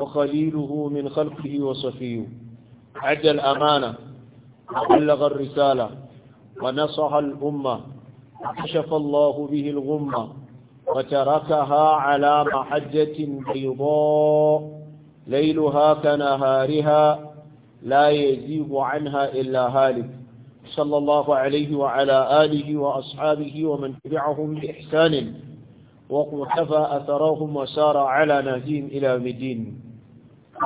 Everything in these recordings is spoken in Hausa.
وخليله من خلقه وصفيه عد الأمانة وبلغ الرسالة ونصح الأمة كشف الله به الغمة وتركها على محجة بيضاء ليلها كنهارها لا يزيغ عنها إلا هالك صلى الله عليه وعلى آله وأصحابه ومن تبعهم بإحسان وقتفى أثرهم وسار على نهجهم إلى مدين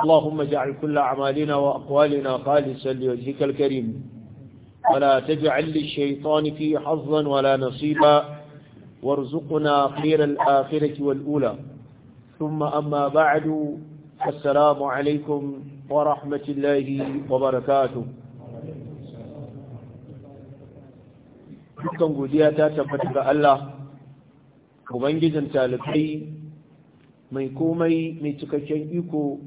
اللهم اجعل كل أعمالنا وأقوالنا خالصا لوجهك الكريم ولا تجعل للشيطان فيه حظا ولا نصيبا وارزقنا خير الآخرة والأولى ثم أما بعد السلام عليكم ورحمة الله وبركاته dukkan godiya ta tabbata ga Allah ubangijin talibai mai komai mai cikakken iko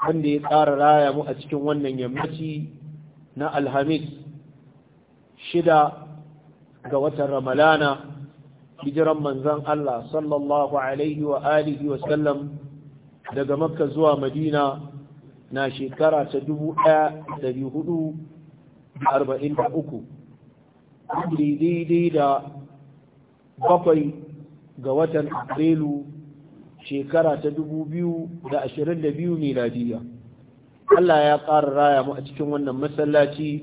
wanda ya tsara raya mu a cikin wannan yammaci na alhamis shida ga watan ramalana hijiran manzan Allah sallallahu alaihi wa alihi wa sallam daga makka zuwa madina na shekara ta dubu ɗaya da biyu hudu arba'in uku, daidai da bakwai ga watan Afrilu shekara ta dubu biyu da ashirin da biyu ne Najeriya. Allah ya ƙara raya mu a cikin wannan masallaci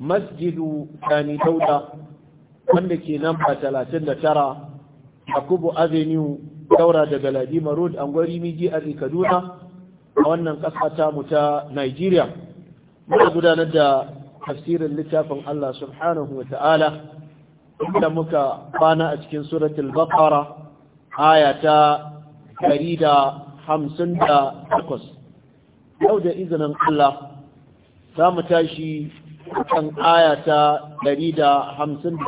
masjidu Sani Dauda wanda ke nan ba talatin da tara a kubu Avenue daura daga Ladima Road gwari Miji a Kaduna a wannan ƙasa ta mu ta Nigeria. Muna gudanar da tafsirin littafin Allah subhanahu wa ta'ala inda muka bana a cikin suratul baqara aya ta 158 yau da izinin Allah za mu tashi kan aya da 159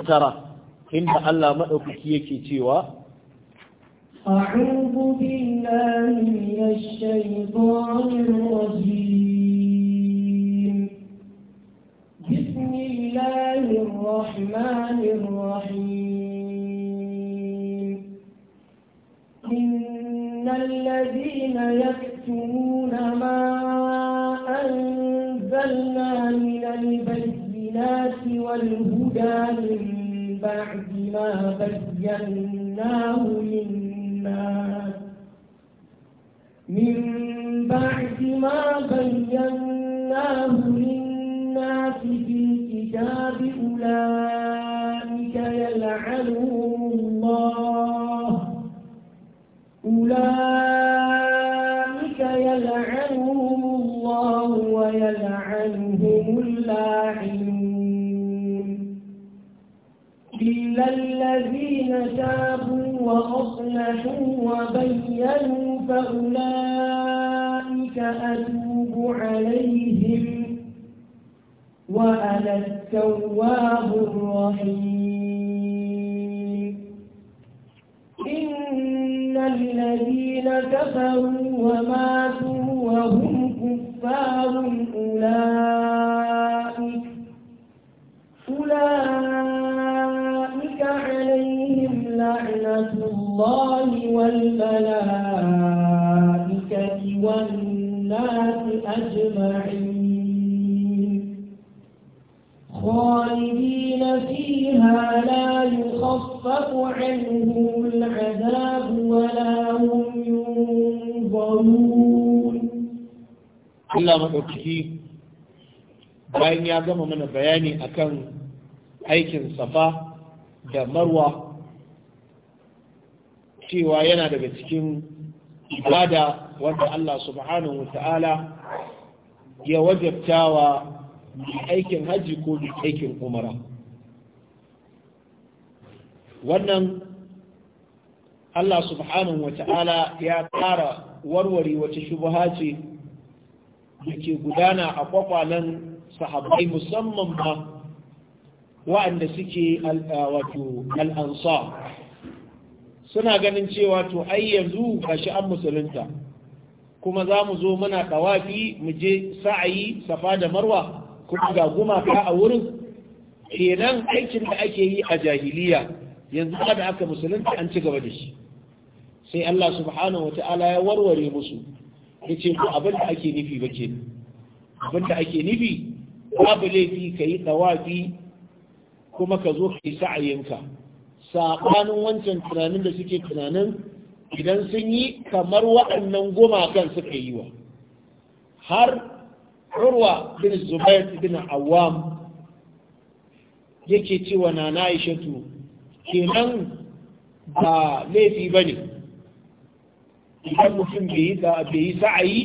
inda Allah madaukaki yake cewa أعوذ بالله من الشيطان الرجيم بسم الله الرحمن الرحيم إن الذين يكتمون ما أنزلنا من البينات والهدى من بعد ما بيناه للناس من بعد ما بيناه للناس الناس في الكتاب أولئك يلعنهم الله أولئك يلعنهم الله ويلعنهم اللاعنون إلا الذين تابوا وأصلحوا وبينوا فأولئك أتوب عليهم وأنا التواب الرحيم إن الذين كفروا وماتوا وهم كفار أولئك أولئك عليهم لعنة الله والملائكة والناس أجمعين فيها لا يخفف عنهم العذاب ولا هم ينظرون Allah maɗaukaki bayan ya gama mana bayani akan aikin safa da marwa cewa yana daga cikin ibada wanda Allah subhanahu wa ta'ala ya wajabtawa mai aikin hajji ko aikin umara. wannan Allah subhanahu wata'ala ya ƙara warware wata shubha ce da ke gudana a kwakwalen sahabbai musamman ba wa'anda suke wato al'ansa suna ganin cewa to ai yanzu gashi an musulunta kuma za mu zo muna ɗawafi mu je sa'ayi safa da marwa kuma ga gumaka a wurin kenan aikin da ake yi a jahiliya yanzu ba da aka musulunta an ci gaba da shi sai Allah subhanahu wata'ala ya warware musu ya ce ku abin da ake nufi ba ke abin da ake nufi babu laifi ka yi tsawafi kuma ka zo ka yi sa'ayinka saɓanin wancan tunanin da suke tunanin idan sun yi kamar waɗannan gumakan suka yi wa har urwa bin zubair bin awam yake cewa na na kenan ba laifi ba ne idan mutum bai yi sa'ayi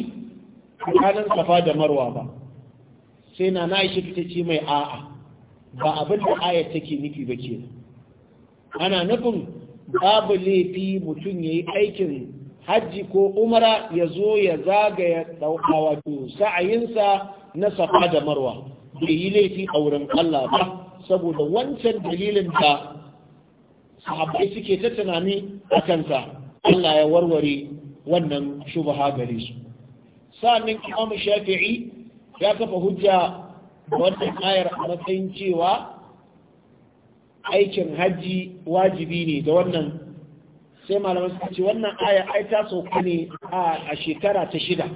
tsakanin safa da marwa ba sai na na shi ta ce mai a'a ba abin da ayat take nufi ba ke ana nufin babu laifi mutum ya yi aikin hajji ko umara ya zo ya zagaya wato sa'ayinsa na safa da marwa bai yi laifi a wurin Allah ba saboda wancan dalilin da sahabbai suke ta tunani a kansa Allah ya warware wannan shubha gare su sa'annan Imam Shafi'i ya kafa hujja wannan ayar a matsayin cewa aikin hajji wajibi ne da wannan sai malaman suka ce wannan aya ai ta sauka ne a shekara ta shida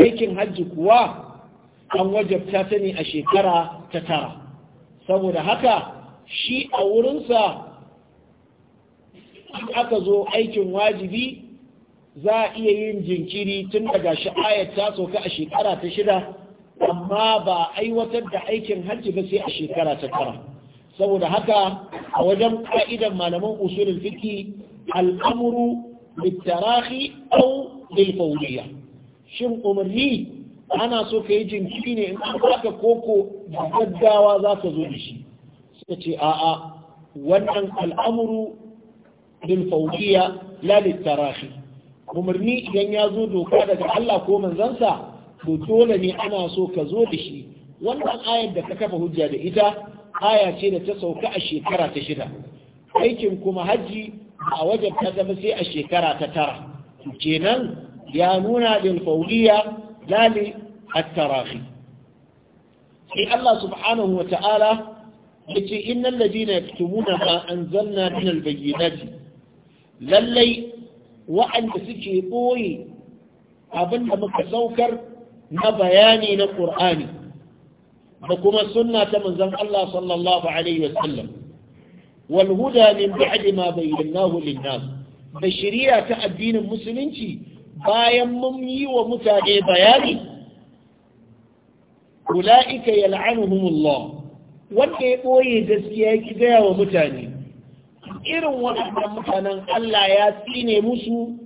aikin hajji kuwa an wajabta ta ne a shekara ta tara saboda haka shi a wurinsa in aka zo aikin wajibi za a iya yin jinkiri tun daga sha'ayar ta soka a shekara ta shida amma ba aiwatar da aikin hajji ba sai a shekara ta tara saboda haka a wajen ka'idan malaman usulul fiki al'amuru littarahi au lilfawliya shin umarni ana so ka yi jinkiri ne in an baka koko da gaggawa za ka zo da shi suka ce a'a wannan al'amuru للفوقية لا للتراخي umarni idan ya zo doka daga Allah ko manzansa to dole ne ana so ka zo da shi wannan ayar da ka kafa hujja da ita aya ce da ta sauka a shekara ta shida aikin kuma hajji a wajen ta zama sai a shekara ta tara kenan ya nuna lil fawliya la li sai Allah subhanahu wa ta'ala yace innal ladina yaktumuna ma anzalna min al-bayyinati lallai wa'anda suke ɓoye abin da muka saukar na bayani na ƙur'ani da kuma sunna ta manzon Allah sallallahu alaihi wasallam wal huda min ma bayyanahu da shirya ta addinin musulunci bayan mun yi wa mutane bayani ulaika yal'anuhumullah wanda ya ɓoye gaskiya ya ki gaya wa mutane irin waɗannan mutanen Allah ya tsine musu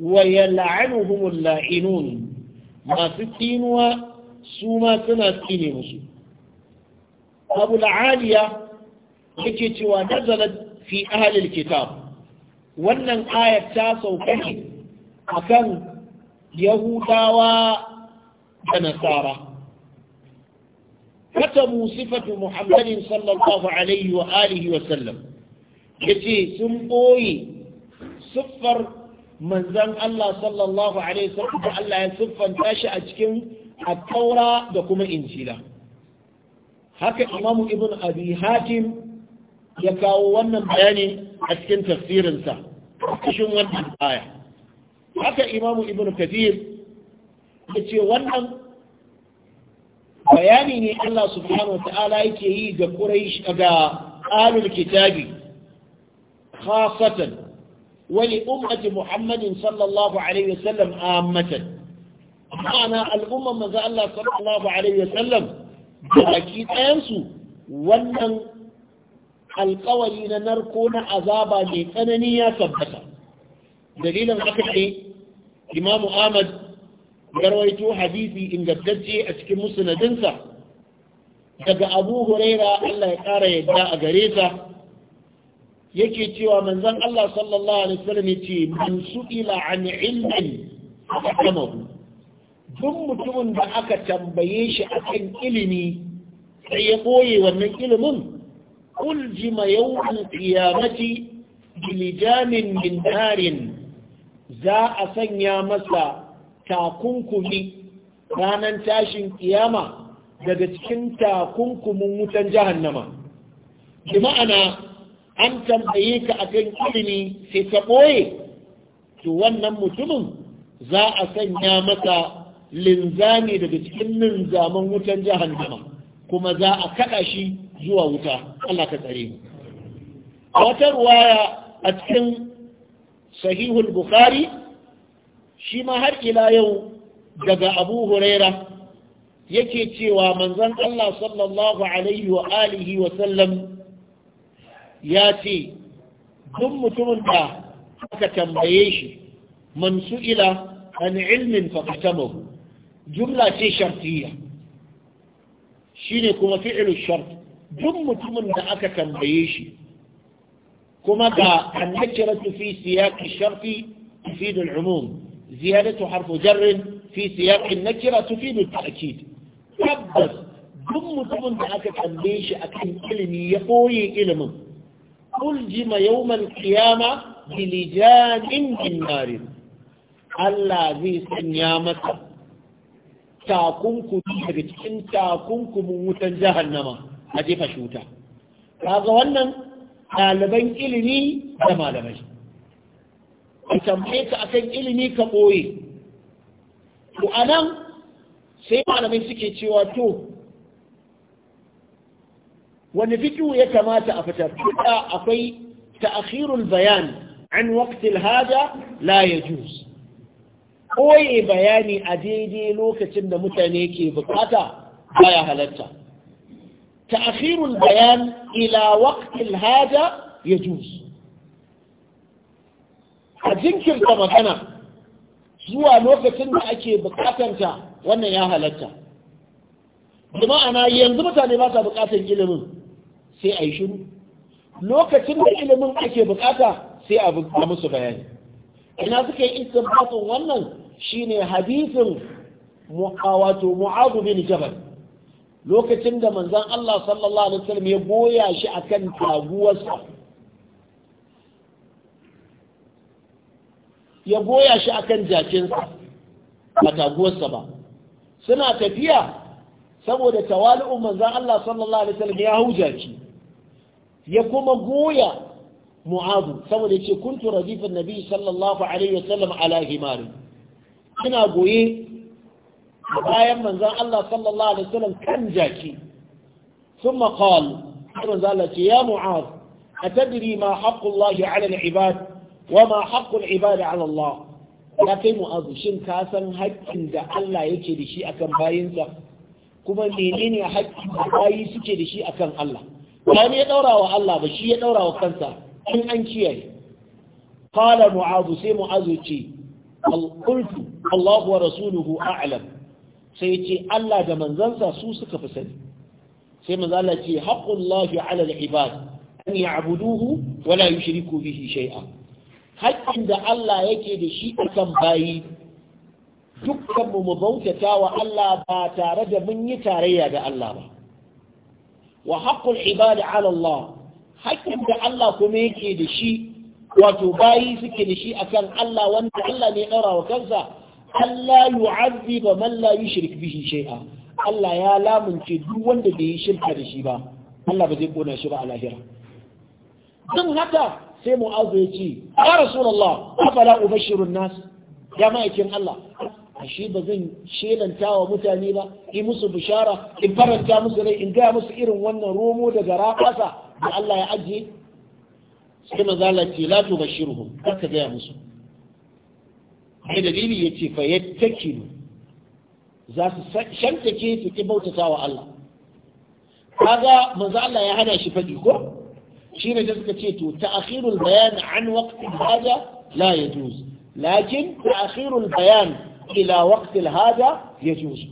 wa yal'anuhumul la'inun masu tsinuwa su ma suna tsine musu Abu al-Aliya yake cewa nazalat fi kitab wannan ayat ta sauka ne akan Yahudawa da Nasara كتبوا صفة محمد صلى الله عليه وآله وسلم ya ce sun ɓoye siffar manzan Allah sallallahu alaihi wasallam da Allah ya siffanta shi a cikin attaura da kuma injila haka Imam ibn abi hatim ya kawo wannan bayani a cikin tafsirinsa cikin wannan aya haka Imam ibn kathir ya ce wannan bayani ne Allah subhanahu wa ta'ala yake yi ga Quraysh ga alul kitabi خاصة ولأمة محمد صلى الله عليه وسلم آمة معنى الأمة من ذا الله صلى الله عليه وسلم أكيد أنسوا وأن القولين نركون عذابا لتننيا ثبتا دليلا أكثر إمام آمد يرويتو حديثي إن قدتي أتكي مسندنسا daga abu huraira Allah ya ƙara yadda a gare ta yake cewa manzon Allah sallallahu alaihi wasallam yace man su'ila an ilmin kama duk mutumin da aka tambaye shi akan ilimi sai ya boye wannan ilimin uljima yawmal qiyamati bilijamin min narin za a sanya masa takunkumi ranar tashin kiyama daga cikin takunkumin wutan jahannama bi ma'ana an tambaye ka akan ilimi sai ka ɓoye to wannan mutumin za a sanya masa linzami daga cikin linzaman wutan jihar jahannama kuma za a kaɗa shi zuwa wuta Allah ka tsare mu a wata ruwaya a cikin sahihul bukhari shi ma har ila yau daga abu huraira yake cewa manzon Allah sallallahu alaihi wa alihi wa sallam ya ce duk mutumin da aka tambaye shi man su'ila an ilmin faqatamahu jumla ce shartiya shine kuma fi'lu shart duk mutumin da aka tambaye shi kuma ga annakiratu fi siyaqi sharti تفيد العموم زيادة حرف جر في سياق النكرة تفيد التأكيد tabbas duk mutumin da aka tambaye shi akan ilimi ya koye ilimin uljima yawmal qiyama bilijanin min narin Allah zai sanya masa takunkumi daga cikin takunkumin wutan jahannama a jefa shuta kaga wannan ɗaliban ilimi da malamai a tambaye ka akan ilimi ka ɓoye to anan sai malamai suke cewa to wani fikihu ya kamata a fitar akwai ta'khirul bayan an waqtil hada la yajuz koye bayani a daidai lokacin da mutane ke bukata baya halatta ta'khirul bayan ila waqtil ya yajuz a jinkirta magana zuwa lokacin da ake bukatanta wannan ya halatta da yanzu mutane ba sa bukatan ilimin sai a yi shiru lokacin da ilimin ake bukata sai a musu bayani ina suka yi batun wannan shine hadisin wato mu'adu bin jabal lokacin da manzan Allah sallallahu alaihi wasallam ya goya shi akan taguwarsa ya goya shi akan jakinsa ba taguwarsa ba suna tafiya saboda tawali'un manzan Allah sallallahu alaihi wasallam ya hau jaki ya kuma goya mu'adu saboda ce kuntu radifin nabi sallallahu alaihi wasallam ala himari ina goye bayan manzan Allah sallallahu alaihi wasallam kan jaki sun maƙal irin zala ce ya mu'ad a tadiri ma haƙƙun lahi ala al'ibad wa ma haƙƙun ibada ala Allah ya kai mu'adu shin ka san haƙƙin da Allah yake da shi akan bayinsa kuma menene haƙƙin da bayi suke da shi akan Allah Wani ya ɗaura wa Allah ba shi ya ɗaura wa kansa in an kiyaye qala mu'azu sai mu'azu ce qultu Allahu wa rasuluhu a'lam sai ce Allah da manzansa su suka fi sani sai manzo Allah ce haqqullahi 'ala al-ibad an ya'buduhu wa la yushriku bihi shay'a haƙƙin da Allah yake da shi akan bayi dukkan mu mu bautata wa Allah ba tare da mun yi tarayya da Allah ba wa haqqul ibadi ala Allah haƙƙin da Allah kuma yake da shi wato bayi suke da shi akan Allah wanda Allah ne ɗaura wa kansa Allah ba man la yushrik bihi shai'a, Allah ya lamunce duk wanda bai yi shirka da shi ba Allah ba zai kona shi ba a lahira don haka sai mu'azu ya ce ya rasulullah afala ubashirun nas ya ma'aikin Allah ashe ba zan shelanta wa mutane ba in musu bishara in faranta musu rai in gaya musu irin wannan romo da gara da Allah ya ajiye sai mazala ce la tu bashiruhum kar ka gaya musu sai dalili yace fa yattakilu za su shantake su ki bautata wa Allah kaga maza Allah ya hana shi fadi ko shine da suka ce to ta'khirul bayan an waqti haja la yajuz lakin ta'khirul bayan ila waqtil hada yajuz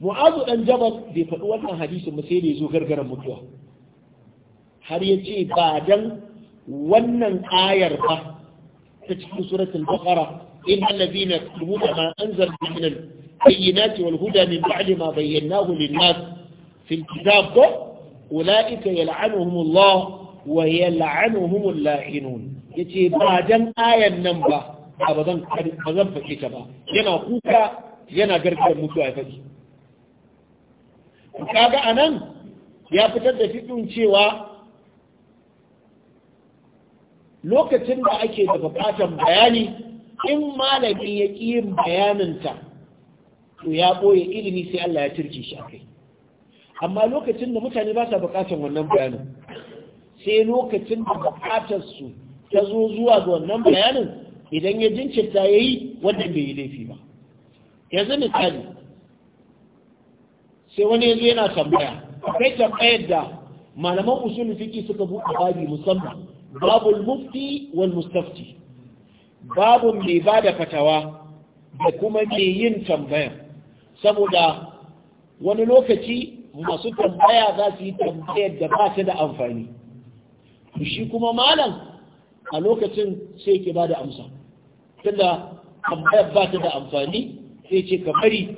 mu'azu dan jabal bai faɗi wannan hadisin ba sai da yazo gargaran mutuwa har ya ce ba dan wannan ayar ba ta cikin suratul baqara إن الذين يكتبون ما أنزل من البينات والهدى من بعد ما بيناه للناس في الكتاب أولئك يلعنهم الله ويلعنهم اللاعنون يتي بعد آية النمبة ba ba zan ba zan fake ta ba yana kuka yana gargar mutuwa ya faɗi kaga anan ya fitar da fitun cewa lokacin da ake da buƙatar bayani in malamin ya ƙi yin bayaninta to ya ɓoye ilimi sai Allah ya turke shi akai amma lokacin da mutane ba sa buƙatar wannan bayanin sai lokacin da buƙatar su ta zo zuwa ga wannan bayanin idan ya jinkirta ya yi wannan bai yi laifi ba yanzu misali sai wani yanzu yana tambaya akwai tambayar da malaman usul fiki suka buɗe babi musamman babu mufti wal mustafti babu mai ba da fatawa da kuma mai yin tambaya saboda wani lokaci masu tambaya za su yi tambayar da ba ta da amfani shi kuma malam a lokacin sai ke ba da amsa tunda tambayar ba ta da amfani sai ce ka bari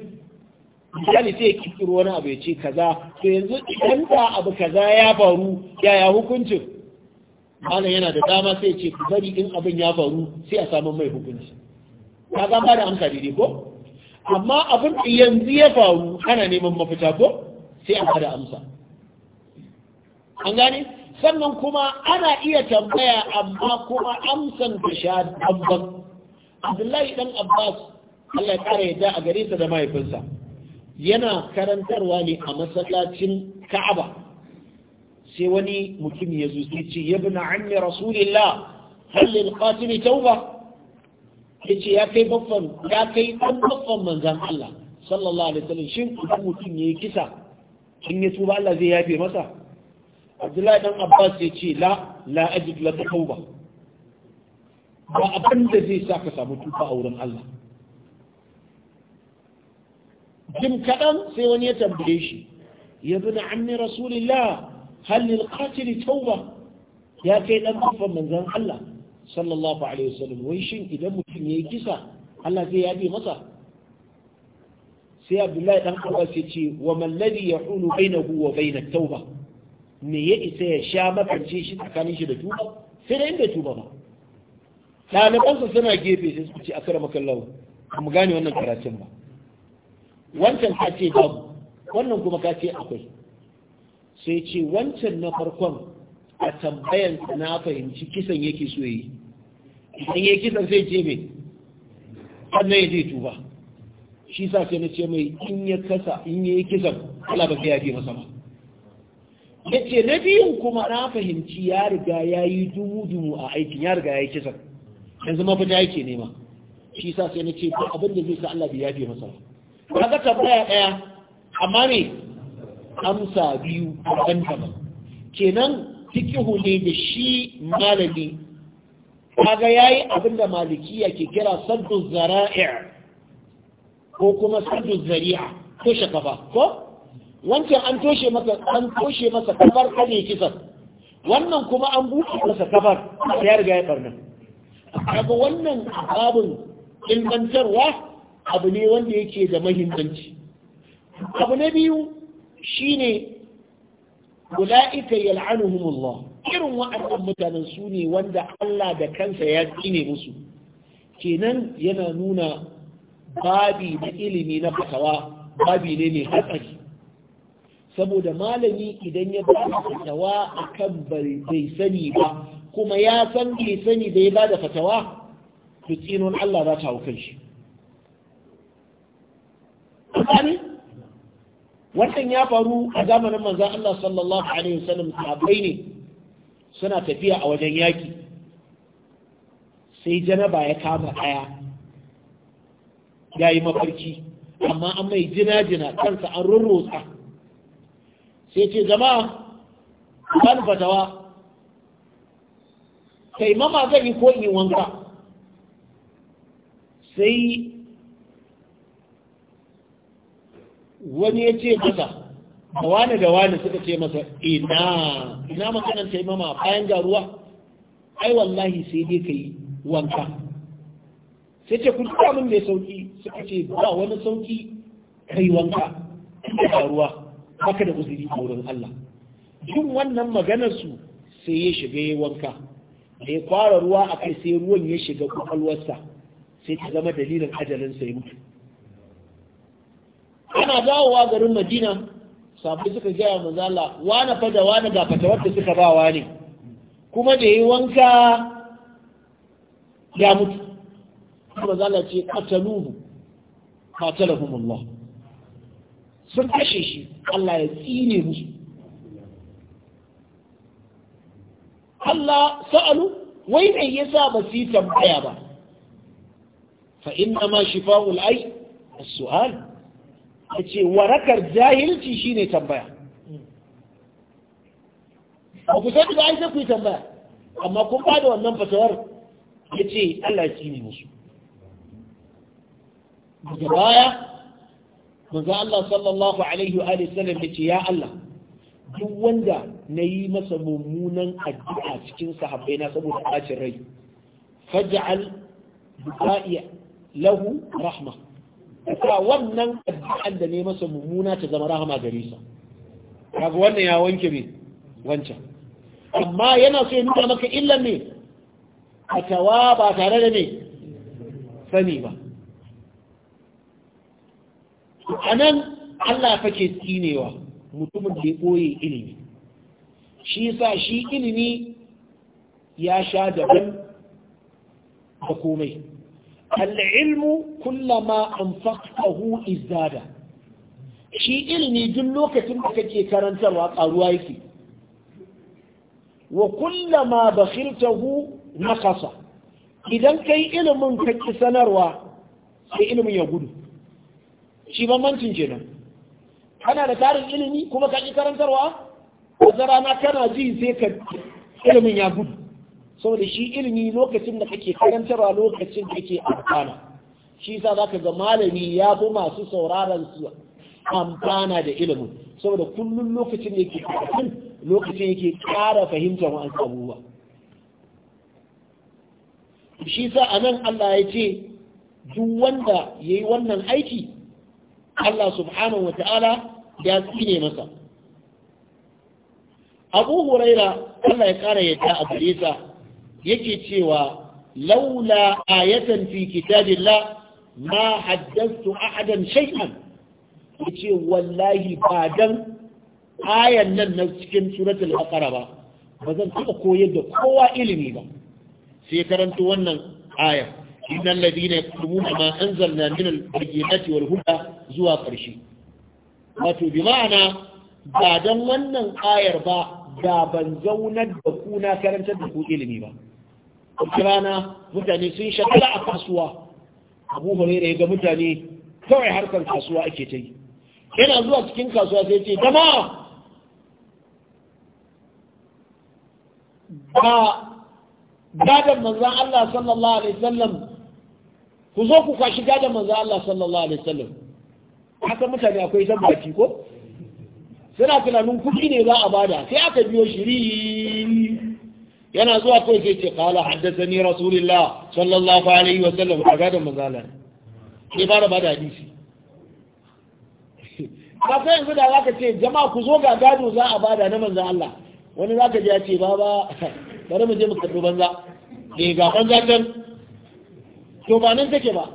misali sai ya kirkiro wani abu ya ce kaza to yanzu idan da abu kaza ya faru yaya hukuncin malam yana da dama sai ce ku bari in abin ya faru sai a samu mai hukunci ka ga ba da amsa daidai ko amma abin yanzu ya faru ana neman mafita ko sai a da amsa an gane sannan kuma ana iya tambaya amma kuma amsan ta sha bambam abdullahi dan abbas Allah ya kara yadda a gare sa da mahaifinsa yana karantarwa ne a masallacin ka'aba sai wani mutum ya zo sai ce yabna ammi rasulillah hal lil qatili tauba yace ya kai baffan ya kai dan babban manzon Allah sallallahu alaihi wasallam shin idan mutum yayi kisa in ya tuba Allah zai yafe masa Abdullahi dan Abbas ya ce la la ajid la tauba ba abin da zai sa ka samu tufa a wurin Allah jim kaɗan sai wani ya tambaye shi ya bi na amni rasulillah halil katili tauba ya kai ɗan kafan manzon Allah sallallahu alaihi wasallam wai shin idan mutum yayi kisa Allah zai yabe masa sai Abdullahi dan Abbas ya ce wa man ya yahulu bainahu wa bain tauba me ya isa ya sha makance shi tsakanin shi da tuba sai da inda tuba ba ɗalibansa suna gefe sai su ce a kara makallawa ba mu gane wannan karatun ba wancan ka ce babu wannan kuma ka ce akwai sai ce wancan na farkon a tambayan na fahimci kisan yake so yi idan yake kisan sai ce mai sannan ya zai tuba shi sa sai na ce mai in ya kasa in ya yi kisan ala ba ya fi masa ba ya ce na biyun kuma na fahimci ya riga ya yi dumu-dumu a aikin ya riga ya yi kisan yanzu mafita yake nema shi sa sai na ce ko abin da zai sa Allah biya yafe masa kaga baya daya amma ne amsa biyu daban daban kenan fiqhu ne da shi malami kaga yayi abin da malikiya ke kira saddu zara'i' ko kuma saddu zari'a toshe kafa ko wancan an toshe masa an toshe masa kafar kane kisan wannan kuma an buɗe masa kafar ya riga ya barna kaga wannan ababin ingantarwa abu ne wanda yake da mahimmanci abu na biyu shine ula'ika yal'anuhumullah irin waɗannan mutanen su ne wanda Allah da kansa ya tsine musu kenan yana nuna babi na ilimi na fatawa babi ne mai hatsari saboda malami idan ya ba fatawa akan bai sani ba kuma ya san bai sani da ya bada fatawa to tsinon Allah za ta hau kan shi wannan ya faru a zamanin manzan Allah sallallahu alaihi wasallam sahabbai ne suna tafiya a wajen yaki sai janaba ya kama ɗaya ya yi mafarki amma an mai jina-jina kansa an rurrusa sai ce jama'a ban fatawa taimama zan yi ko in yi wanka sai wani ya ce masa a wani da wani suka ce masa ina ina maganan taimama bayan ga ruwa ai wallahi sai dai ka yi wanka sai ce kun kamun mai sauki suka ce ba wani sauki ka wanka da ruwa haka da uzuri a wurin Allah yin wannan maganarsu sai ya shiga ya wanka da ya kwara ruwa a kai sai ruwan ya shiga kwakwalwarsa sai ta zama dalilin ajalin ya mutu ana dawowa garin madina sabu suka gaya manzala wani fada wani ga fata da suka wa ne kuma da yi wanka ya mutu manzala ce kataluhu katalahumullah sun kashe shi Allah ya tsine musu Allah sa'alu wai me yasa ba su yi tambaya ba fa inna ma shifa'ul ai as-su'al ce warakar jahilci ne tambaya ba ku sani da ai sai ku yi tambaya amma kun ba da wannan fasawar ce Allah ya tsine musu daga baya manzo Allah sallallahu alaihi wa sallam ce ya Allah duk wanda na yi masa mummunan addu'a cikin sahabbai na saboda bacin rai faj'al du'a'i lahu rahma ka wannan addu'an da ne masa mummuna ta zama rahama gare sa kaga wannan ya wanke ne wancan amma yana so ya nuna maka illan ne atawa ba tare da ne sani ba anan Allah fake tsinewa mutumin da ya koye ilimi shi sa shi ilimi ya sha daban da komai al'ilmu kullama an faƙahu shi ilimi duk lokacin da kake karantarwa ƙaruwa yake wa kullama bakhiltahu nakasa idan kai ilimin kake sanarwa sai ilimin ya gudu shi bambancin kenan kana da tarin ilimi kuma kake karantarwa wata rana kana ji sai ka ilimin ya gudu saboda shi ilimi lokacin da kake karantarwa lokacin da kake amfana shi za zaka ga malami ya fi masu sauraron su amfana da ilimin saboda kullum lokacin da yake karatun lokacin yake ƙara fahimtar wa'an abubuwa shi sa a nan Allah ya ce duk wanda ya yi wannan aiki Allah subhanahu wa ta'ala ya tsine masa abu huraira Allah ya kara yadda a gare sa yake cewa laula ayatan fi kitabillah ma haddathtu ahadan shay'an yace wallahi ba dan ayan nan na cikin suratul baqara ba ba zan taba koyar da kowa ilimi ba sai karanta wannan aya innal ladina yaktumuna ma anzalna min al-bayyinati wal huda zuwa karshe wato bi ma'ana ba dan wannan ayar ba da ban zaunar da ku na karantar da ku ilimi ba rana mutane sun shagala a kasuwa abu hurera ya ga mutane kawai harkar kasuwa ake ta yi yana zuwa cikin kasuwa sai ce dama ba gadon manzan Allah sallallahu alaihi wasallam ku zo ku kwashi gadon manzan Allah sallallahu alaihi wasallam haka mutane akwai zan baki ko yana tunanin kuɗi ne za a bada sai aka biyo shiri yana zuwa kai sai ce kala ni rasulullah sallallahu alaihi wa sallam. a gadon mazalar sai fara bada hadisi ba sai yanzu da zaka ce jama'a ku zo ga gado za a bada na manzan Allah wani zaka ji ya ce baba bari mu je mu kaddo banza ne eh, ga banza can to ba nan take ba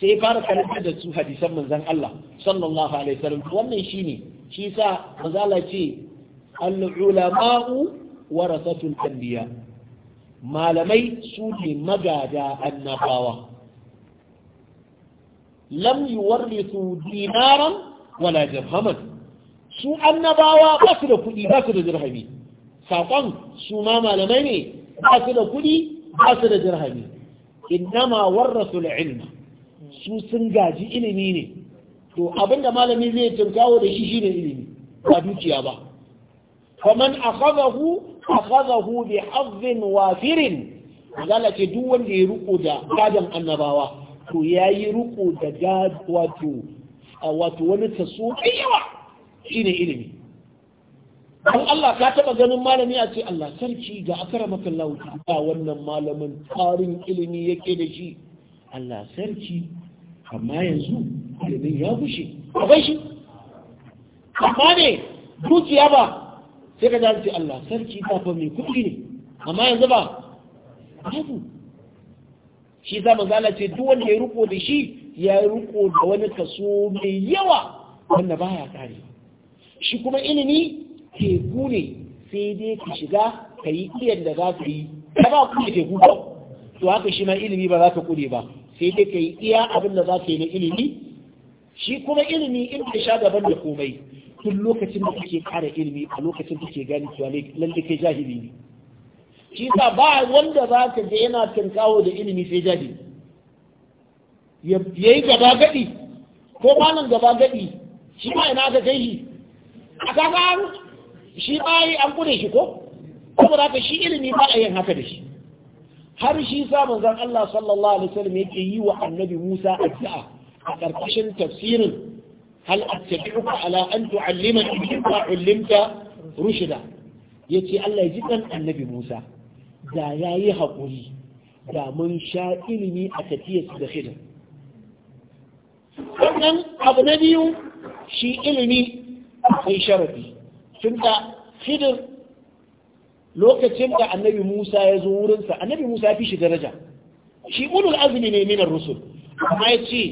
sai fara karantar da su hadisan manzan Allah sallallahu alaihi wasallam wannan shine shi sa mazala ce al'ulama'u warasatul anbiya malamai su ne magada annabawa lam yuwarrisu dinaran wala dirhaman su annabawa ba su da kuɗi ba su da dirhami saƙon su ma malamai ne ba su da kuɗi ba su da dirhami innama warrasul ilma su sun gaji ilimi ne to abinda malami zai tunkawo da shi shine ilimi ba dukiya ba faman akhadahu akhadahu bi hazzin wafirin zala ce duk wanda ya ruku da gadan annabawa to yayi riko da gad wato wato wani taso yawa shine ilimi an Allah ka taɓa ganin malami a ce Allah sarki ga akramaka Allah ta wannan malamin tarin ilimi yake da shi Allah sarki amma yanzu ilimin ya bushe akwai shi amma ne dukiya ba sai ka dace Allah sarki ta fa mai kuɗi ne amma yanzu ba abu shi za mu zala ce duk wanda ya ruko da shi ya riko da wani kaso mai yawa wanda baya kare shi kuma ilimi teku ne sai dai ka shiga ka yi iyan da za ka yi ka ba ne teku ba to haka shi ma ilimi ba za ka kure ba sai dai ka yi iya abin da za ka yi na ilimi shi kuma ilimi in ka sha gaban da komai tun lokacin da kake kara ilimi a lokacin da kake gani cewa lalle kai jahili ne shi sa ba wanda za ka ga yana tankawo da ilimi sai jahili ya yi gaba gadi ko malam gaba gadi shi ma ina ga gaihi a kaga shi ba yi an kure shi ko za ka shi ilimi ba a yin haka da shi har shi sa manzon Allah sallallahu alaihi wasallam yake yi wa annabi Musa addu'a a karkashin tafsirin hal attabi'uka ala an tu'allimani mimma 'allimta rushda yace Allah ya ji dan annabi Musa da yayi hakuri da mun sha ilimi a tafiyar da khidr wannan abu na biyu shi ilimi akwai sharafi tunda khidr lokacin da annabi Musa ya zo wurinsa annabi Musa ya fi shi daraja shi ulul azumi ne minar rusul amma ya ce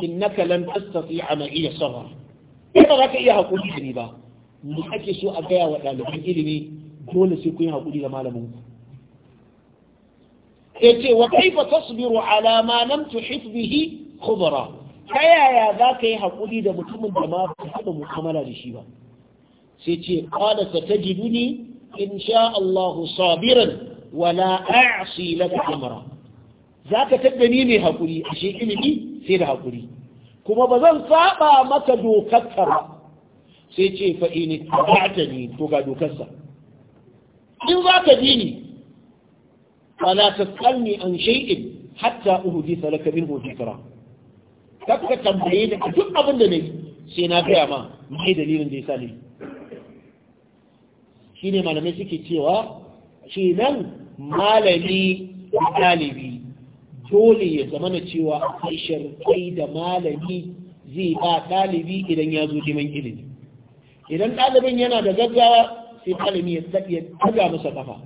in innaka lan a ma iya sabr ba za ka iya haƙuri da ni ba mu ake so a gaya wa ɗaliban ilimi dole sai ku yi haƙuri da malamin ku ya ce wa kaifa tasbiru alama nan lam tuhit bihi ta yaya za ka yi haƙuri da mutumin da ma ba ka mu'amala da shi ba sai ce qala satajiduni in sha Allah sabiran wala a'si laka amra zaka tabbe ni ne hakuri ashe ilimi sai da hakuri kuma ba zan saba maka dokar ba sai ce fa in ni to ga dokar sa in zaka bi ni wala tasalni an shay'in hatta uhdisa laka minhu dhikra kaka tambaye da duk abin da nayi sai na gaya ma mai dalilin da yasa ne ne malamai suke cewa shi nan malami ɗalibi dole ya zama na cewa akwai sharkai da malami zai ba ɗalibi idan ya zo neman ilimi idan ɗalibin yana da gaggawa sai ɗalibi ya taga masa kafa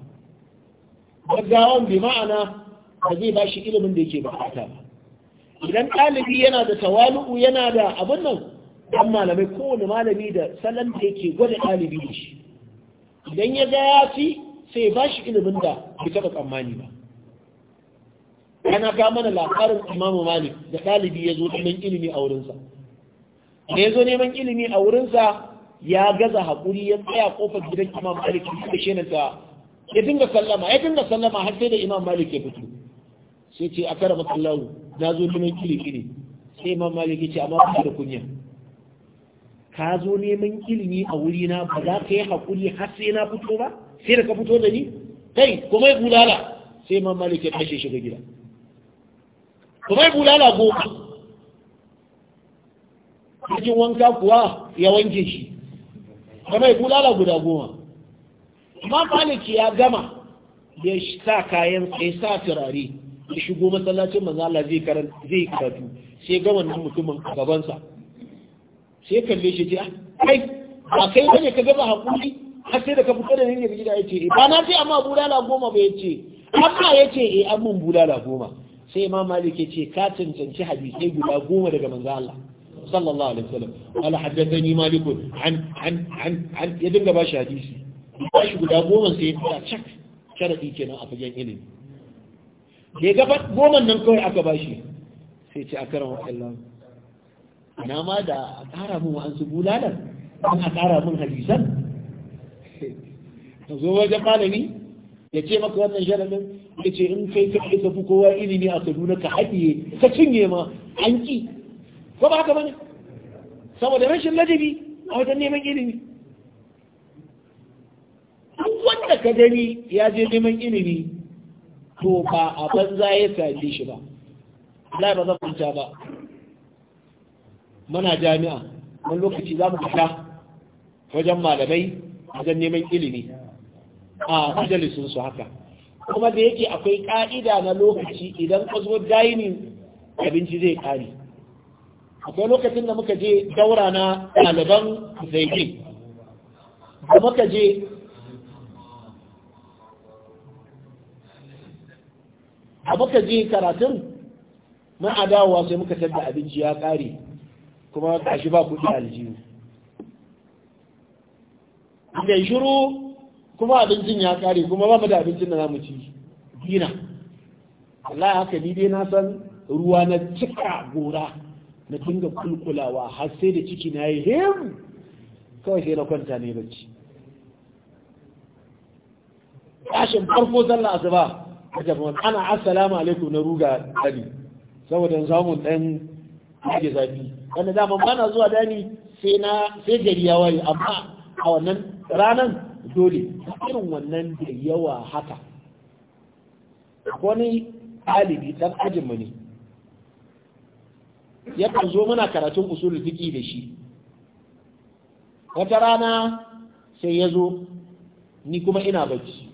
gaggawan bi ma'ana ba zai ba shi ilimin da yake bukata ba idan ɗalibi yana da tawalu'u yana da abin nan dan malamai kowane malami da salon da yake gwada ɗalibi da shi idan ya ga ya fi sai ba shi ilimin da bai taɓa tsammani ba ana ga mana labarin imamu malik da ɗalibi ya zo neman ilimi a wurinsa da ya zo neman ilimi a wurinsa ya gaza haƙuri ya tsaya ƙofar gidan imam malik da shi ta ya dinga sallama ya dinga sallama har sai da imam malik ya fito sai ce a kara makallahu na zo neman ilimi ne sai imam malik ya ce amma ba da kunya ka zo neman ilimi a wuri na ba za ka yi haƙuri har sai na fito ba sai da ka fito da ni kai kuma yi bulala sai man malik ya kashe shiga gida kuma yi bulala goma cikin wanka kuwa ya wanke shi kuma yi bulala guda goma amma malik ya gama ya sa kayan sai sa turare ya shigo masallacin manzala zai karatu sai ga wannan mutumin a gabansa sai kalle shi ce ah, kai ba kai bane ka gaba hakuri har sai da ka fita da ni gida yace eh ba na ce amma bulala goma ba yace amma yace eh an mun bulala goma sai imam malik yace ka cancanci hadisi guda goma daga manzo Allah sallallahu alaihi wasallam qala haddathani malik an an an an ya dinga ba shi hadisi ba shi guda goma sai ya fita cak sharadi kenan a fagen ilimi da gaba goma nan kawai aka ba shi sai ce a karan wakallahu ina ma da a ƙara min wa'ansu bulalar ana a ƙara min hadisan ka zo wajen malami ya ce maka wannan sharaɗin ya ce in kai ka isa fi kowa ilimi a kaduna ka haɗiye ka cinye ma an ƙi ko ba haka ba ne saboda rashin ladabi a wajen neman ilimi wanda ka gani ya je neman ilimi to ba a banza ya same shi ba Allah ba zan kwanta ba muna jami'a wani lokaci za mu fita wajen malamai wajen neman ilimi a majalisun su haka kuma da yake akwai ka'ida na lokaci idan ka zo abinci zai kare akwai lokacin da muka je daura na ɗaliban zaitun da muka je a muka je karatun mun adawa sai muka tadda abinci ya kare kuma gashi ba kudi aljihu mai shiru kuma abincin ya kare kuma ba mu da abincin da zamu ci gina. Allah haka ni dai na san ruwa na cika gora na dinga kulkulawa har sai da ciki na yi him kawai sai na kwanta ne bacci kashin farko sallah asuba kaje kuma ana assalamu alaikum na ruga dadi saboda samun dan rage zafi wanda zaman ba na zuwa dani sai na sai gari ya waye amma a wannan ranan dole irin wannan da yawa haka wani ɗalibi ɗan ajinmu ne yakan zo muna karatun usulul fiƙi da shi wata rana sai ya zo ni kuma ina bacci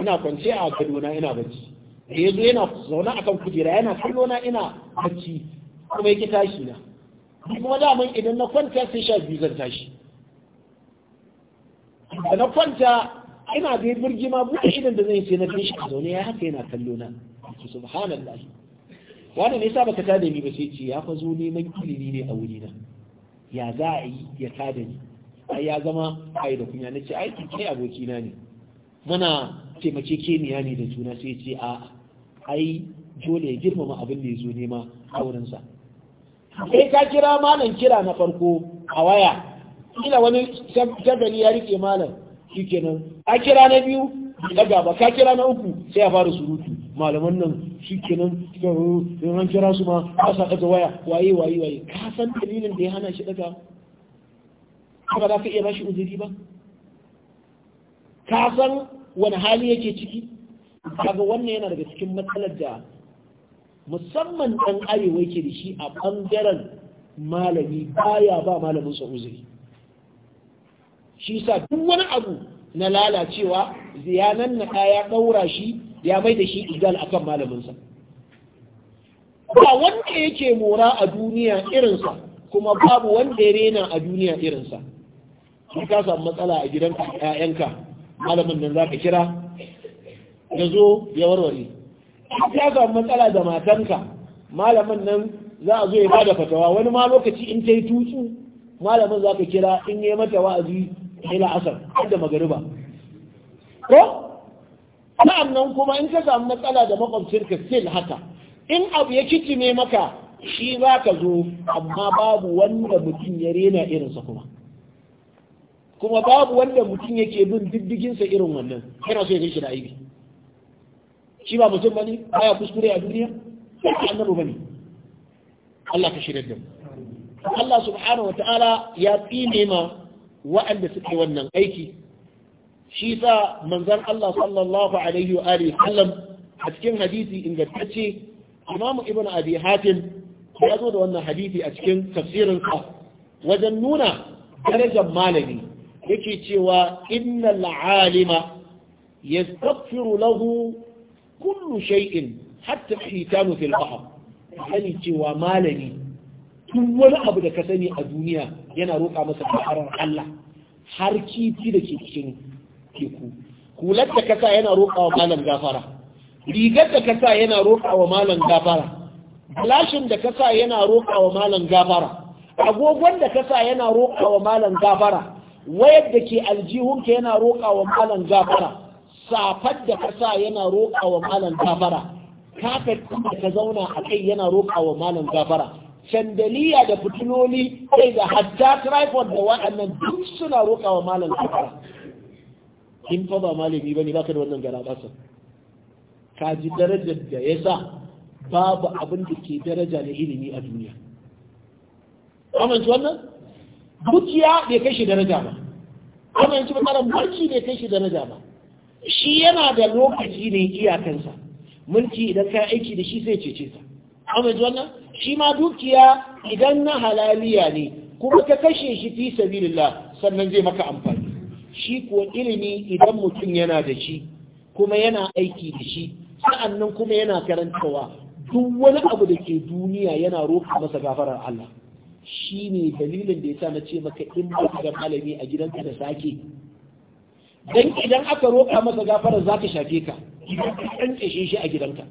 ina kwance a kaduna ina bacci da ya zo yana zaune akan kujera yana kallona ina bacci kuma yake tashi na kuma daman idan na kwanta sai sha biyu zan tashi da na kwanta ina da birgima buɗe idan da zai sai na tashi a zaune ya haka yana kallo na subhanallah wani ne yasa baka tada ni ba sai ce ya fa zo neman ilimi ne a wurina ya za a yi ya tada ni ai ya zama ai da kunya nace ai kai abokina ne muna taimakekeniya ne da juna sai ce a ai dole ya girmama abin da ya zo nema aurensa sai ka kira malam kira na farko a waya kila wani shagali ya rike malam shi kenan a kira na biyu daga ba ka kira na uku sai a fara surutu malaman nan shi kenan eh, an kira su ma a sa daga waya waye waye waye ka san dalilin da ya hana shi daga kuma za ka iya bashi uzuri ba ka san wani hali yake ciki kaga wannan yana daga cikin matsalar da musamman ɗan arewa yake da shi a ɓangaren malami baya ba malaminsa uzuri shi sa duk wani abu na lalacewa ziyanan na ya ɗaura shi ya mai da shi igal akan malaminsa ba wanda yake mora a duniya irinsa kuma babu wanda ya rena a duniya irinsa in ka samu matsala a gidan 'ya'yanka malamin nan za ka kira ya zo ya warware ya ga matsala da matanka malamin nan za a zo ya bada fatawa wani ma lokaci in ta yi tutsu malamin za ka kira in yi mata wa'azi ila asar da magariba ko sa'an nan kuma in ka samu matsala da makwabcinka still haka in abu ya ne maka shi za ka zo amma babu wanda mutum ya rena irinsa kuma kuma babu wanda mutum yake bin diddiginsa irin wannan yana so ya kai shi da aibi shi ba mutum bane baya kuskure a duniya ba annabi bane Allah ka shirya da mu Allah subhanahu ya tsine ma waɗanda suke wannan aiki shi sa manzan Allah sallallahu alaihi wa alihi sallam a cikin hadisi ingantacce Imam Ibn Abi Hatim ya zo da wannan hadisi a cikin tafsirin sa wajen nuna darajar malami yake cewa innal alima yastaghfiru lahu kullu shay'in hatta hitanu fil bahr sani cewa malami tun wani abu da ka sani a duniya yana roƙa masa gafarar Allah har kifi da ke cikin teku hular da kasa yana roƙa wa malam gafara rigar da kasa yana roƙa wa malam gafara lashin da kasa yana roƙa wa malam gafara agogon da kasa yana roƙa wa malam gafara wayar da ke aljihunka yana roƙa wa malam gafara safar da ka sa yana roƙa wa malam gafara kafet da ka zauna a kai yana roƙa wa malam gafara sandaliya da fitiloli sai da hatta tripod da waɗannan duk suna roƙa wa malam gafara in fa ba malami bane baka da wannan garabasa ka ji darajar da ya sa babu abin da ke daraja na ilimi a duniya amince wannan dukiya bai kai shi daraja ba amince ba tsarin mulki bai kai shi daraja ba shi yana da lokaci ne iyakansa mulki idan ka aiki da shi sai cece sa amma wannan shi ma dukiya idan na halaliya ne kuma ka kashe shi fi sabilillah sannan zai maka amfani shi kuwa ilimi idan mutum yana da shi kuma yana aiki da shi sa'annan kuma yana karantawa duk wani abu da ke duniya yana roƙa masa gafarar Allah shi ne dalilin da ya sa na ce maka in ba ka ga malami a gidanka da sake dan idan aka roƙa masa gafara za ka shafe ka idan ka ƙeshe shi a gidanka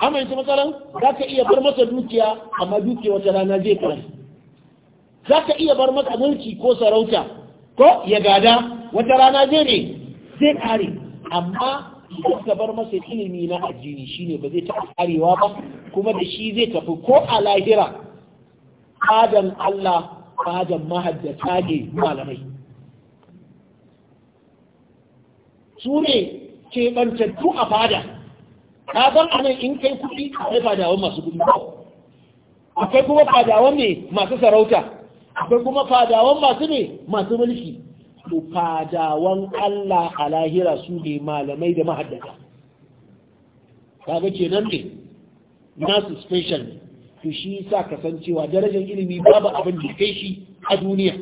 amma yanzu matsalan za ka iya bar masa dukiya amma dukiya wata rana zai kare za ka iya bar masa mulki ko sarauta ko ya gada wata rana zai ne zai kare amma idan ka bar masa ilimi na addini shine ba zai taɓa karewa ba kuma da shi zai tafi ko a lahira fadan Allah fadan mahaddata ne malamai su ne bantattu a fada ka san anan in kai kuɗi akwai fadawan masu kuɗi akwai kuma fadawan ne masu sarauta akwai kuma fadawan masu ne masu mulki to fadawan Allah a lahira su ne malamai da mahaddata kaga kenan ne nasu special ne to shi sa kasancewa darajar ilimi babu abin da kai shi a duniya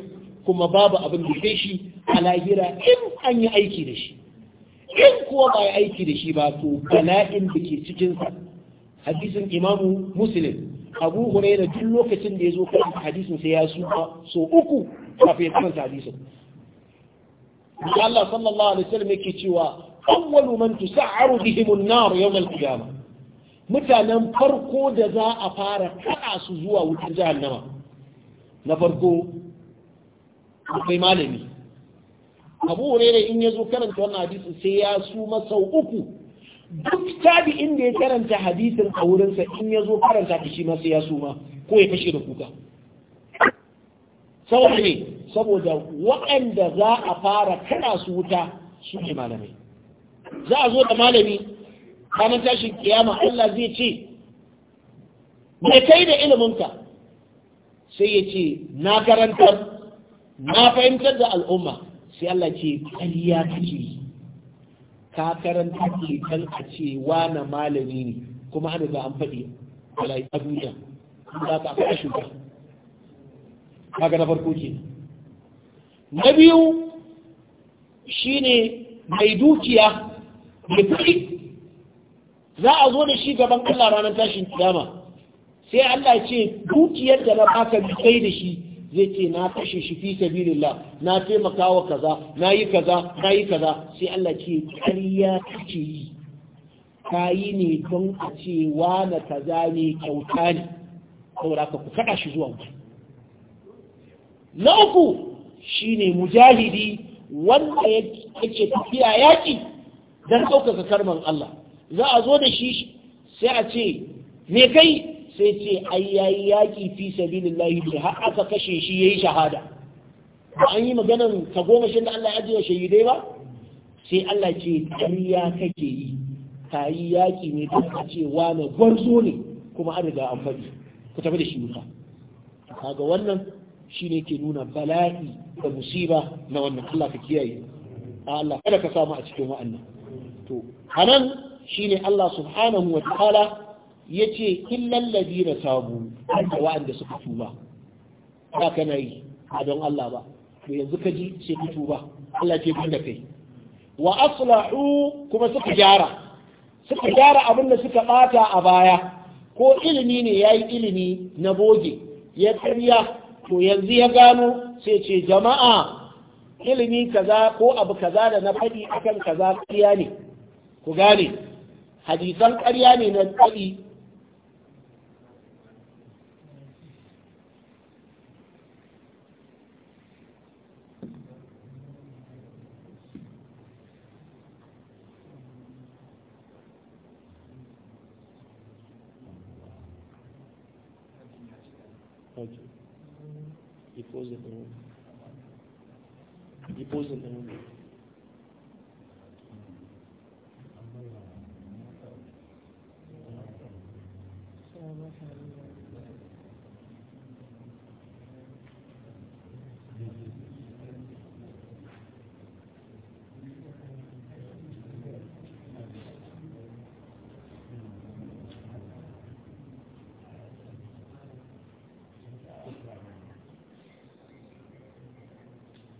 kuma babu abin da kai shi a lahira in an yi aiki da shi in kuwa ba aiki da shi ba to bala'in da ke cikinsa hadisin imamu muslim abu huraira duk lokacin da ya zo kan hadisin sai ya suka so uku kafin ya karanta hadisin Allah sallallahu alaihi wasallam yake cewa awwalu man tus'aru bihim an-nar yawm al-qiyamah mutanen farko da za a fara kada su zuwa wutar jahannama na farko akwai malami abu ne in yazo karanta wannan hadisin sai ya su masau uku duk tabi'in da ya karanta hadisin a wurinsa in yazo zo karanta da shi ma sai ya su ma ko ya fashe da kuka saboda ne saboda waɗanda za a fara kana su wuta su ne malamai za a zo da malami ranar tashin kiyama Allah zai ce mai kai da iliminka sai ya ce na karantar na fahimtar da al'umma sai Allah ce ƙarya kake ka karanta kan a ce na malami ne kuma an riga an faɗi a duniya za ka aka shuka kaga na farko ke na biyu shine mai dukiya mai kuɗi za a zo da shi gaban Allah ranar tashin kiyama sai Allah ce dukiyar da na baka bi kai da shi zai ce na kashe shi fi sabilillah na taimaka wa kaza na yi kaza na yi kaza sai Allah ce ƙarya kake yi ka yi ne don a ce na kaza ne kyauta ne saboda ka ku kaɗa shi zuwa mai na uku shi ne mujahidi wanda yake tafiya yaƙi don ɗaukaka karman Allah za a zo da shi sai a ce me kai sai ce ai yayi yaki fi sabilillahi ne har aka kashe shi yayi shahada ba an yi maganar ka goma shi da Allah ya ajiye shahidai ba sai Allah ce ƙarya kake yi ka yi yaki ne don ka ce na gwarzo ne kuma an riga an faɗi ku tafi da shi wuta kaga wannan shine ke nuna bala'i da musiba na wannan Allah ka kiyaye Allah kada ka samu a cikin wa'annan to anan shine Allah subhanahu wa ta'ala ya ce illan na sabu da wa'anda suka tuba ba ka na yi a don Allah ba to yanzu ka ji sai ka tuba Allah ce da kai wa aslahu kuma suka gyara suka gyara abin da suka bata a baya ko ilimi ne yayi ilimi na boge ya karya to yanzu ya gano sai ce jama'a ilimi kaza ko abu kaza da na faɗi akan kaza ƙarya ne ku gane hadisan ƙarya ne na faɗi posing din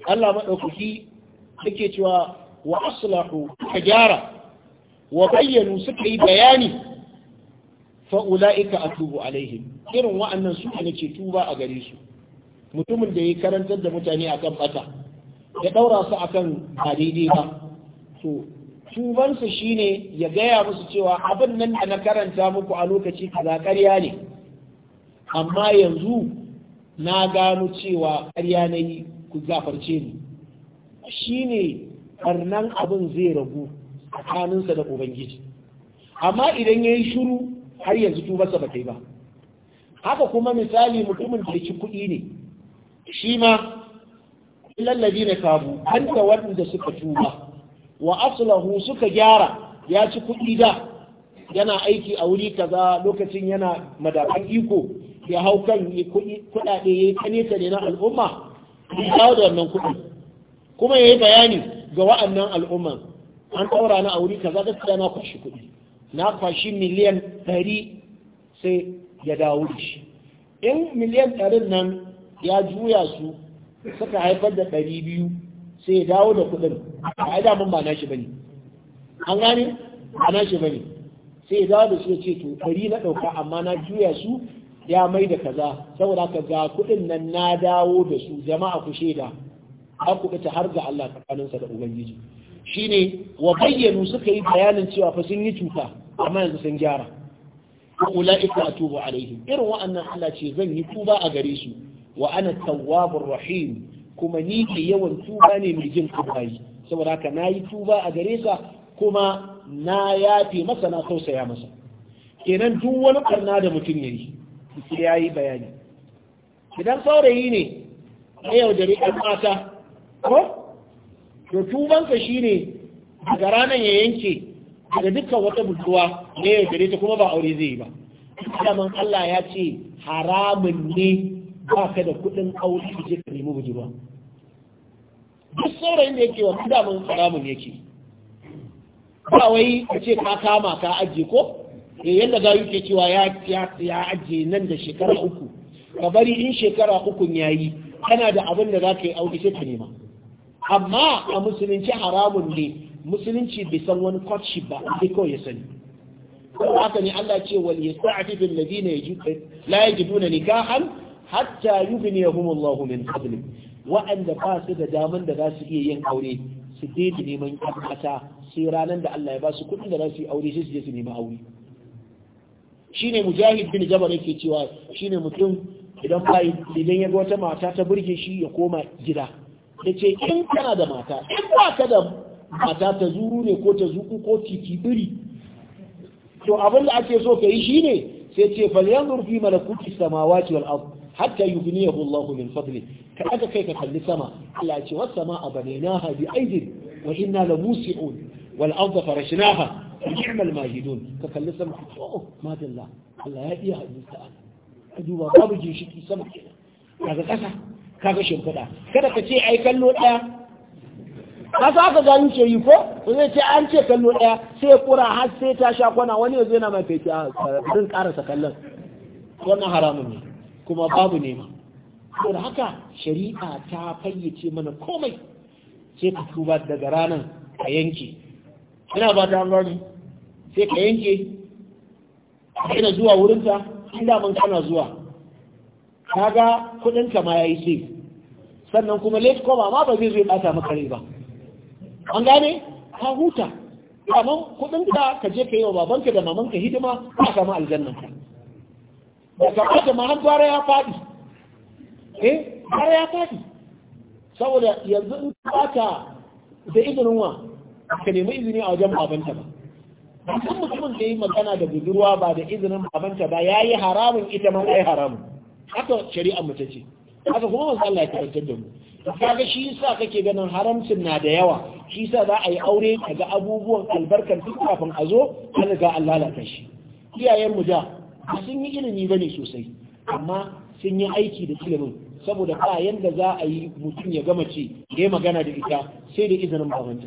Allah maɗaukaki yake cewa wa aslahu ka gyara wa bayyanu suka yi bayani fa ulaika atubu alaihim irin wa'annan su ne ke tuba a gare su mutumin da ya karantar da mutane akan bata ya daura su akan ba daidai ba to shi shine ya gaya musu cewa abin nan da na karanta muku a lokaci kaza ƙarya ne amma yanzu na gano cewa ƙarya na yi ku gafarce ni shine karnan abin zai ragu a kanunsa da ubangiji amma idan ya yi shiru har yanzu tubarsa ba ta yi ba haka kuma misali mutumin da ci kuɗi ne shi ma lallabi na kabu an waɗanda suka tuba wa asulahu suka gyara ya ci kuɗi da yana aiki a wuri kaza lokacin yana madakan iko ya hau kan kuɗaɗe ya yi kane na al'umma ya dawo da wannan kuɗi kuma ya yi bayani ga wa'annan al'umma an ɗaura na a wuri kaza gaskiya na kwashi kuɗi na kwashi miliyan ɗari sai ya dawo da shi in miliyan ɗarin nan ya juya su suka haifar da ɗari biyu sai ya dawo da kuɗin a da damun ba na shi bane an gane ba na shi bane sai ya dawo da su ya ce to ɗari na ɗauka amma na juya su ya mai da kaza saboda ka ga kuɗin nan na dawo da su jama'a ku shaida an kuɗa har ga Allah tsakaninsa da Ubangiji shine wa bayyanu suka yi bayanin cewa fa sun yi cuta amma yanzu sun gyara ulaika atubu alaihim irin wa'annan Allah ce zan yi tuba a gare su wa ana tawwabur rahim kuma ni ke yawan tuba ne mai jin kubayi saboda haka nayi tuba a gare sa kuma na yafe masa na tausaya masa kenan duk wani karna da mutum yayi sai ya yi bayani idan saurayi ne yau yaudari ɗan mata ko to tubansa ne daga ranar ya yanke daga dukkan wata buduwa na yaudari ta kuma ba aure zai yi ba daman Allah ya ce haramun ne ba ka da kuɗin aure ka je ka nemi ba duk saurayin da yake wa kudaman haramun yake ba wai ka ce ka kama ka ajiye ko e yadda ga cewa ya ya ajiye nan da shekara uku ka bari in shekara ukun yi, kana da abin da zaka yi aure sai ka nema amma a musulunci haramun ne musulunci bai san wani kwaci ba sai kawai ya sani ko haka ne Allah ce wal yasta'fi bil ladina la yajiduna nikahan hatta yughniyahum Allahu min fadli wa'anda ba su da daman da za su iya yin aure su daidai neman ƙasa sai ranar da Allah ya ba su kuɗin da za su yi aure sai su je su nemi aure shine mujahid bin jabal yake cewa shine mutum idan bai idan ya ga wata mata ta burge shi ya koma gida yace in kana da mata in ba ka da mata ta zuru ne ko ta zuku ko titi biri to abin da ake so ka yi shine sai ce falyanzur fi malakuti samawati wal ard hatta yughniyahu Allahu min fadli ka aka kai ka kalli sama Allah ya ce was samaa banaynaha bi aidin wa inna la musi'un wal arda farashnaha ni'mal mahidun ka kalli sama oh Allah ya iya hadin ta ka duba babu ginshiki sama kenan kaga kasa kaga shimfiɗa kada ka ce ai kallo ɗaya kasa aka gani ce yi ko zai ce an ce kallo ɗaya sai ya kura har sai ta sha kwana wani yanzu yana mai feki a rin karasa kallon wannan haramun ne kuma babu nema da haka shari'a ta fayyace mana komai sai ka tuba daga ranar a yanki ina ba ta sai ka yanke ina zuwa wurinta inda man kana zuwa kaga kudinka ma yayi sai sannan kuma late cover ma ba zai zai bata maka rai ba an gane ka huta amman kudinka ka je ka yi wa babanka da mamanka hidima ka samu aljannan ka da ma har gwara ya faɗi eh gwara ya faɗi saboda yanzu in ka bata da izinin wa ka nemi izini a wajen babanta ba mutum mutumin da yi magana da budurwa ba da izinin babanta ba ya yi haramun ita ma ai haramun haka shari'a mu ta ce haka kuma wasu Allah ya karantar da mu kaga shi yasa kake ganin haramcin na da yawa shi yasa za a yi aure ga abubuwan albarkar duk kafin a zo Allah ga an lalata shi iyayen mu da ba sun yi ilimi ba ne sosai amma sun yi aiki da ilimin saboda ba yanda za a yi mutum ya gama ce ya yi magana da ita sai da izinin babanta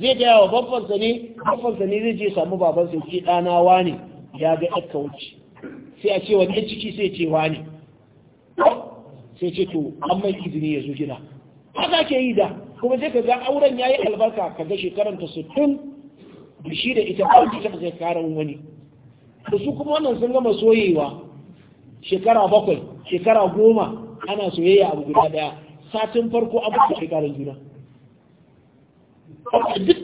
zai gaya wa babbansa ne babbansa ne zai je samu babansa ya ce ɗana wane ya ga aka wuce sai a ce ɗan ciki sai ce wane sai ce to an mai izini ya zo gida haka ke yi da kuma sai ka ga auren ya yi albarka ka ga shekaran ta sittin da shi da ita ba ta zai kara wani da su kuma wannan sun gama soyewa shekara bakwai shekara goma ana soyayya abu guda ɗaya satin farko abu da shekarun juna duk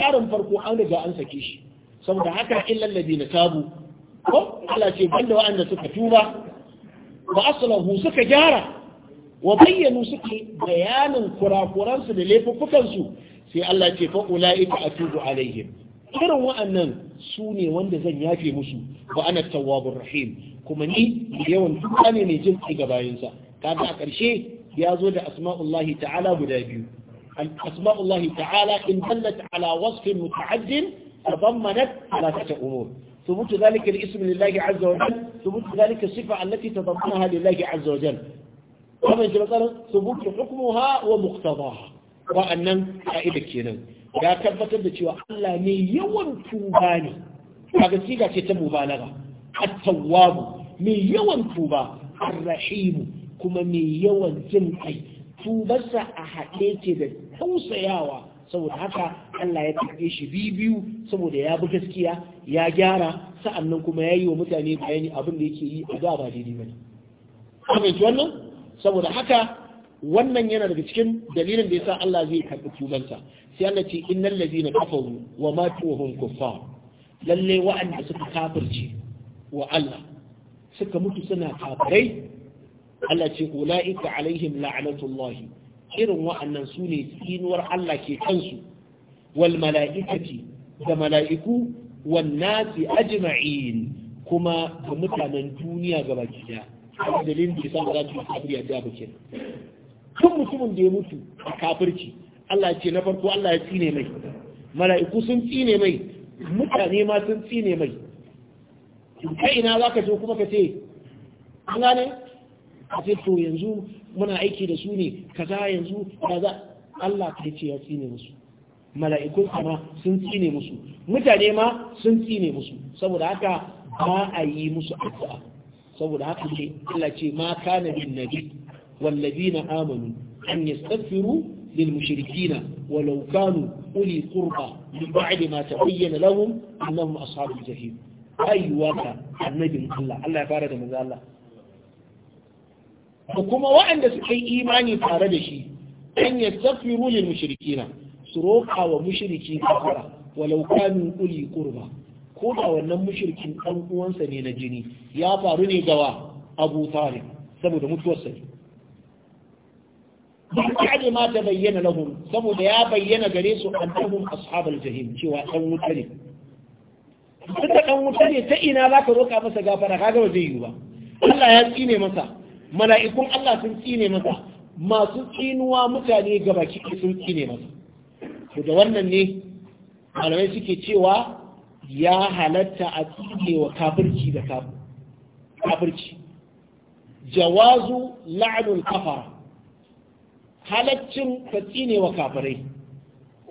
yaron farko an riga an sake shi saboda haka illal ladina tabu ko Allah ce banda waɗanda suka tuba wa aslahu suka gyara wa bayyanu suke bayanin kurakuransu da laifuffukansu sai Allah ce fa ulaika atubu alaihim irin wa'annan su ne wanda zan yafe musu wa ana tawwabur rahim kuma ni yawan duka ne mai jin ga bayansa kaga a ƙarshe ya zo da asma'ullahi ta'ala guda biyu أسماء الله تعالى إن دلت على وصف متعد تضمنت ثلاثة أمور ثبوت ذلك الاسم لله عز وجل ثبوت ذلك الصفة التي تضمنها لله عز وجل ومن جبتنا ثبوت حكمها ومقتضاها وأنن قائدك هنا ya tabbatar da cewa Allah ne yawan tuba ne kaga siga ce ta mubalaga at-tawwab mai yawan tuba ar-rahim kuma mai yawan jin kai tubarsa a haɗe ce da tausayawa saboda haka Allah ya karɓe shi biyu saboda ya bi gaskiya ya gyara sa'annan kuma ya yi wa mutane bayani abin da yake yi a da ba daidai ba ne. wannan? Saboda haka wannan yana daga cikin dalilin da yasa Allah zai karɓi tubansa sai Allah ce innal ladina kafaru wa matu wa hum kuffar lalle wa'anda suka kafirce wa Allah suka mutu suna kafirai Allah ce ula'ika alaihim la'anatullahi irin wa'annan su ne tsinuwar Allah ke kansu wal mala'ikati da mala'iku wan nasi ajma'in kuma ga mutanen duniya gaba gida dalilin da yasa za su kafiri da bakin kun mutumin da ya mutu a kafirci Allah ce na farko Allah ya tsine mai mala'iku sun tsine mai mutane ma sun tsine mai ta ina za ka zo kuma ka ce an gane a yanzu muna aiki da su ne kaza yanzu da za Allah ta ce ya tsine musu mala'ikun ma sun tsine musu mutane ma sun tsine musu saboda haka ba a yi musu addu'a saboda haka ce Allah ce ma kana bin nabi wallazina amanu an yastaghfiru lil mushrikina walau kanu uli qurba min ba'di ma tabayyana lahum annahum ashabul jahim ayyuka annabi Allah Allah ya fara da manzo Allah to kuma waɗanda suka yi imani tare da shi an yastaghfiru lil mushrikina su roƙa wa mushriki kafara walau kanu uli qurba ko da wannan mushrikin dan uwansa ne na jini ya faru ne gawa Abu Talib saboda mutuwar mutuwarsa ne bayyana lahum saboda ya bayyana gare su غريسو أنهم أصحاب الجحيم شوى wuta ne. tunda ɗan wuta ne ta ina za ka roƙa masa gafara kaga ba zai yi ba Allah ya tsine masa mala'ikun Allah sun tsine masa masu tsinuwa mutane gaba kike sun tsine masa to da wannan ne malamai suke cewa ya halatta a tsine wa kafirci da kafirci jawazu la'anul kafara halaccin ka tsine wa kafirai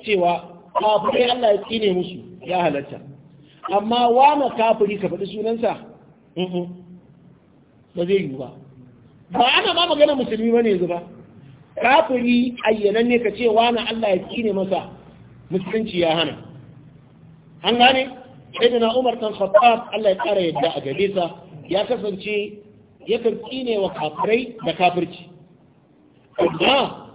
cewa kafirai Allah ya tsine musu ya halatta amma wane kafiri ka faɗi sunansa ba zai yiwu ba ba ana ma magana musulmi ba ne zuba kafiri ayyanan ne ka ce wani Allah ya kine masa musulunci ya hana an gane Sai na Umar kan Khattab Allah ya kara yadda a gare sa ya kasance karki ne wa kafirai da kafirci amma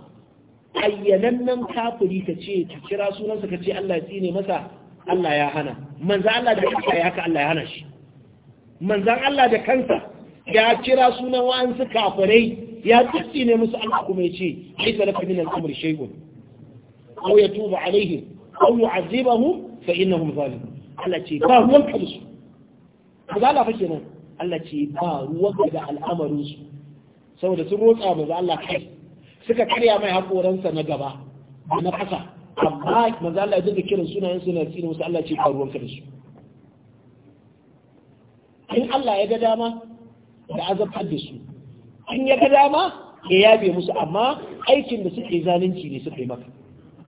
nan kafiri ka ce ka kira sunansa ka ce Allah ya kine masa Allah ya hana manzan Allah da kansa ya haka Allah ya hana shi manzan Allah da kansa ya kira sunan wa'ansu kafirai ya tutsi ne musu Allah kuma ya ce ai salaka min al-amr shay'un aw yatubu alaihim aw yu'azibahum fa innahum zalimun Allah ce ba ruwan kansu ba za fa kenan Allah ce ba ruwan da al'amarin su saboda sun rotsa ba Allah kai suka karya mai hakoransa na gaba na ƙasa. amma manzo Allah ya kiran sunayen na tsini musu Allah ce ba ruwan kansu in Allah ya ga dama da azabtar da su in ya ga dama ya yabe musu amma aikin da suke zalunci ne suka yi maka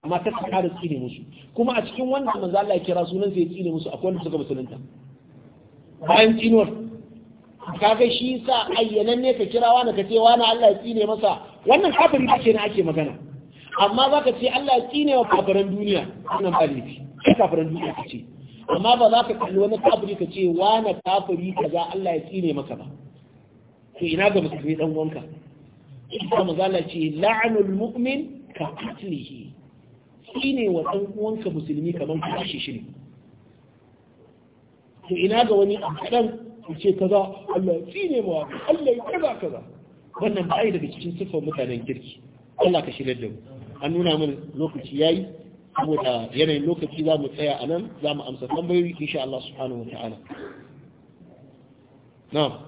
amma ta da tsine musu kuma a cikin wanda manzo Allah ya kira sunan sai ya tsine musu akwai wanda suka musulunta bayan tsinuwar kaga shi sa ayyanan ne ka kira wani ka ce wani Allah ya tsine masa wannan kafiri ba ce ne ake magana amma za ka ce Allah ya tsine wa kafiran duniya wannan ba laifi kai kafiran duniya ka ce amma ba za ka kalli wani kafiri ka ce wani kafiri kaza Allah ya tsine maka ba to ina ga musulmi dan wanka ita mazala ce la'anul mu'min ka qatlihi shine wa dan uwanka musulmi kaman ka kashe shi ne to ina ga wani dan ce kaza Allah shine mu Allah ya kaza kaza wannan ba ai daga cikin sifar mutanen kirki Allah ka shirya da mu an nuna mana lokaci yayi saboda yanayin lokaci za mu tsaya a nan za mu amsa tambayoyi insha Allah subhanahu wa ta'ala na'am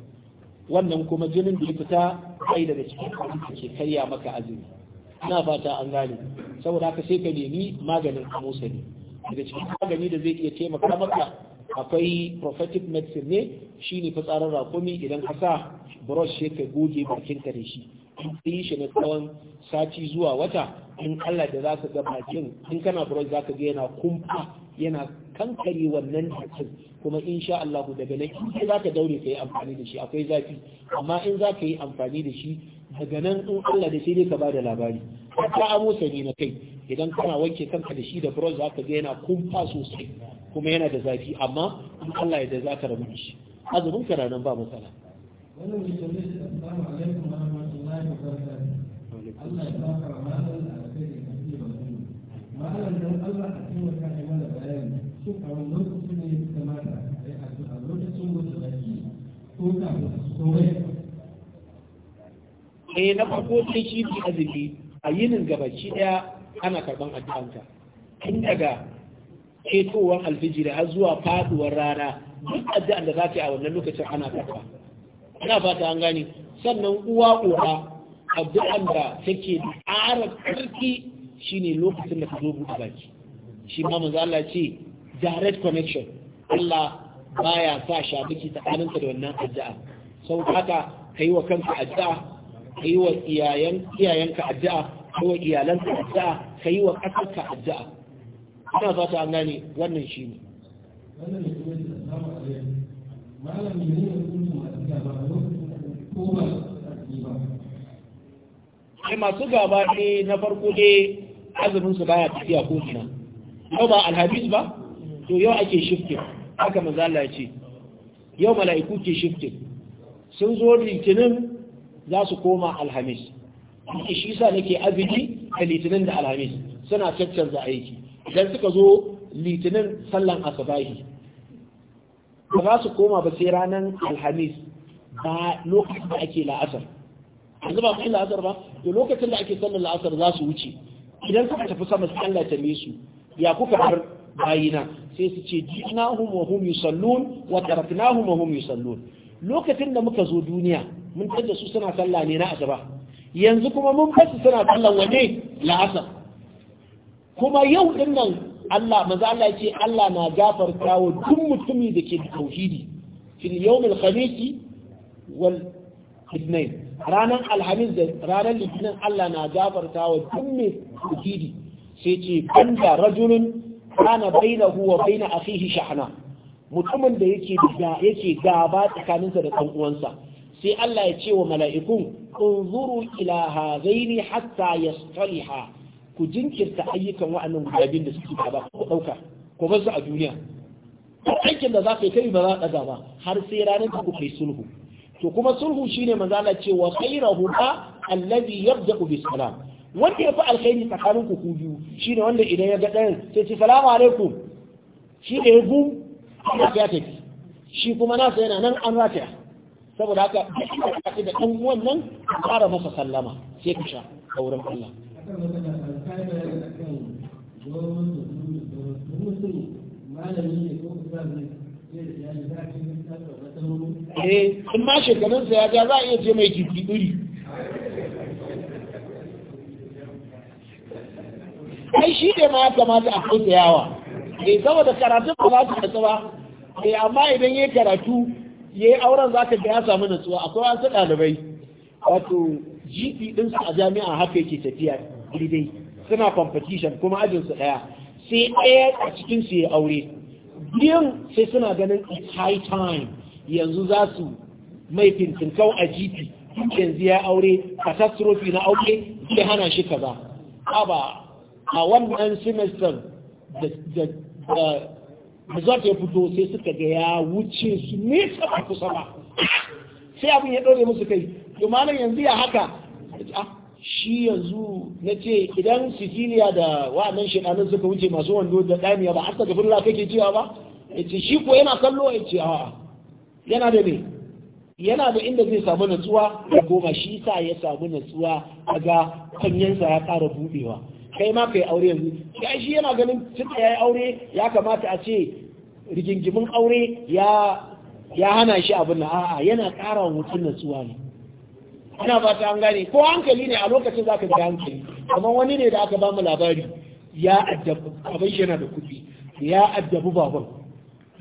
wannan kuma jinin da ya fita kai daga cikin ke karya maka azumi ina fata an gane saboda haka sai ka nemi maganin ne. daga cikin magani da zai iya taimaka maka akwai prophetic medicine ne Shi shine fitsarin rakumi idan ka sa brush sai ka goge bakin ka da shi yi shi na tsawon sati zuwa wata in Allah da za ka ga bakin in kana brush za ka ga yana kumfa yana kankare wannan dattin kuma insha Allah daga nan in za ka daure ka yi amfani da shi akwai zafi amma in za ka yi amfani da shi daga nan in Allah da sai dai ka bada labari ka amo sani na kai idan kana wanke kanka da shi da brush za ka ga yana kumfa sosai kuma yana da zafi amma in Allah ya da za ka rabu da shi azumin ka nan ba matsala wannan musulmi assalamu alaikum wa rahmatullahi wa barakatuh Allah ya saka wa malam alkhairi malam dan Allah a cikin shin a wani lokacin ne ya kamata a yi addu'a lokacin wata baki ko kafin ko waya eh na farko sai shi fi azumi a yinin gabaci daya ana karɓar addu'anka tun daga ketowar alfijiri har zuwa faɗuwar rana duk addu'an da za ta yi a wannan lokacin ana karɓa. ina fata an gane sannan uwa uwa addu'an da take ƙara ƙarfi shine lokacin da ka zo buɗe baki shi ma manzo Allah ce direct connection Allah baya sa shabiki tsakaninka da wannan addu'a sau haka ka yi wa kanka addu'a ka yi wa iyayenka addu'a ka wa iyalanka addu'a ka yi wa ƙasarka addu'a ana fata an gane wannan shi ne Sai masu gaba ne na farko dai azumin su baya tafiya ko ina yau ba alhabis ba to yau ake shifting haka manzo ce yau mala'iku ke shifting sun zo litinin za su koma alhamis shi sa nake abidi da litinin da alhamis suna caccanza aiki idan suka zo litinin sallan asabahi ba za su koma ba sai ranar alhamis ba lokacin da ake la'asar yanzu ba su la'asar ba Da lokacin da ake sallan la'asar za su wuce idan suka tafi sama su Allah ta su ya kuka har bayina sai su ce jinahum wa hum yusallun wa taraknahum wa hum yusallun lokacin da muka zo duniya mun tada su suna sallah ne na asuba yanzu kuma mun fasu suna sallah wane la'asar kuma yau dinnan nan Allah maza Allah ya ce Allah na gafarta wa duk mutumi da ke da tauhidi fil yawmil khamisi wal ithnain ranar alhamis da ranar litinin Allah na gafarta wa duk mai tauhidi sai ce banda rajulun kana bainahu wa bain akhihi shahna mutumin da yake yake gaba tsakaninsa da dan uwansa sai Allah ya ce wa mala'ikun unzuru ila hadaini hatta yastaliha ku jinkirta ayyukan wa'annan guda biyun da suke gaba ku dauka ko ba su a duniya aikin da za ka yi kai ba za ka daga ba har sai ranar da ku kai sulhu to kuma sulhu shine manzo Allah ce wa khairuhu allazi yabda'u bis salam wanda ya fi alkhairi tsakanin ku biyu shi ne wanda idan ya ga ɗayan sai ce salamu alaikum shi ne ya a ya tafi shi kuma nasa yana nan an rataya saboda haka duk da ɗan wannan ƙara masa sallama sai ka sha a wurin Allah Eh, in ma shekarunsa ya ga za a iya ce mai jibi ai shi ne ma ya kamata a kauta yawa eh saboda karatun ba za su da ba eh amma idan ya karatu ya yi auren za ka ga ya samu natsuwa akwai wasu ɗalibai wato gp ɗinsu a jami'a haka yake tafiya daidai suna competition kuma ajin su ɗaya sai ɗaya a cikinsu ya aure biyun sai suna ganin it's high time yanzu za su mai fintinkau a gp yanzu ya aure catastrophe na aure zai hana shi kaza ba a wannan semester da result ya fito sai suka ga ya wuce su ne sama kusa ba sai abin ya ɗore musu kai domanin yanzu ya haka ah, shi yanzu na ce idan sicilia da wa'annan shekarun suka wuce masu wando da ɗamiya ba aka gafin ke cewa ba ya ce shi ko yana kallo ya ce hawa. yana da ne yana da inda zai samu natsuwa da goma shi sa ya samu natsuwa a ga kanyensa ya ƙara buɗewa kai ma kai aure yanzu kai shi yana ganin tunda yayi aure ya kamata a ce rigingimin aure ya ya hana shi abin nan a'a yana ƙara mutun nutsuwa ne ina ba ta an gane ko hankali ne a lokacin zaka ga hankali kamar wani ne da aka ba mu labari ya addabu abin shi yana da kuɗi ya addabu baban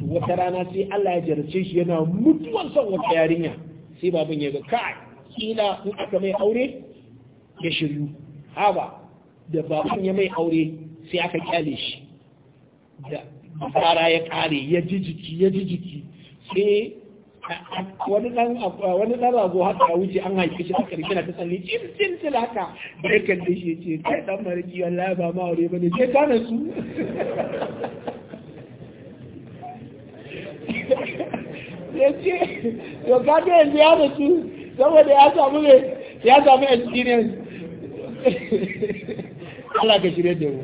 wata rana sai Allah ya jarace shi yana mutuwar son wata yarinya sai baban ya ga kai kila in aka mai aure ya shiryu haba da baban ya mai aure sai aka kyale shi da fara ya kare ya ji jiki ya ji jiki sai wani dan wani dan rago haka ya wuce an haifi shi aka na ta tsalle cin cin cin haka da ya da shi ya ce kai dan mariki wallahi ba ma aure bane sai ka su ya ce to ka ta yanzu ya su saboda ya samu ne ya samu experience Allah ka shirye da mu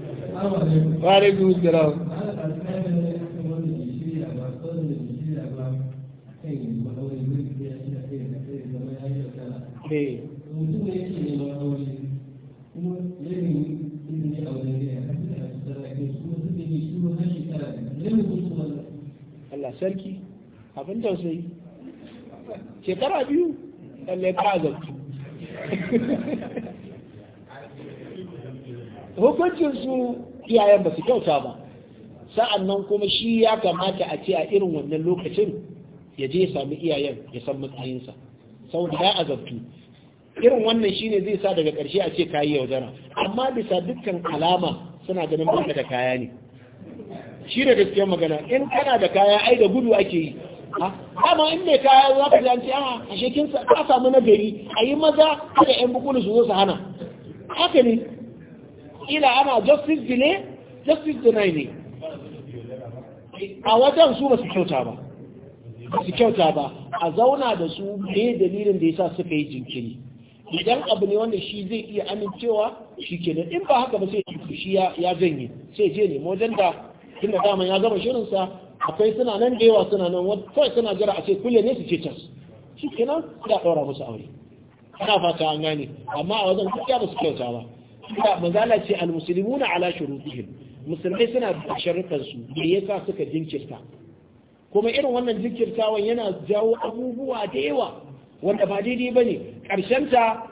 wa alaikum assalam eh. Allah sarki abin tausayi shekara biyu lallai ka azabtu hukuncinsu iyayen ba su kyauta ba sa'an nan kuma shi ya kamata a ce a irin wannan lokacin ya je sami iyayen ya san matsayinsa saboda ya azabtu irin wannan shine zai sa daga ƙarshe a ce kayi yaudara amma bisa dukkan alama suna ganin baka da kaya ne shi da gaskiyar magana in kana da kaya ai da gudu ake yi amma ah, in mai kaya za ka ji a ah, ashe kin samu na gari a yi maza ga yan bukulu su zo su hana haka ne kila ana justice delay justice deny ne a wajen su ba su kyauta ba ba su kyauta ba a zauna da su ne dalilin da ya sa suka yi jinkiri idan abu ne wanda shi zai iya amincewa shi da in ba haka ba sai shi ya janye sai je ne wajen da tunda dama ya gama shirinsa akwai suna nan da yawa suna nan kawai suna jira a ce kulle ne su ce tas shi kenan da ɗaura musu aure ana fata an gane amma a wajen gaskiya ba su kyauta ba kuma mazala ce na ala shurutihim musulmai suna da sharuɗan su me yasa suka jinkirta kuma irin wannan jinkirtawan yana jawo abubuwa da yawa wanda ba daidai bane ta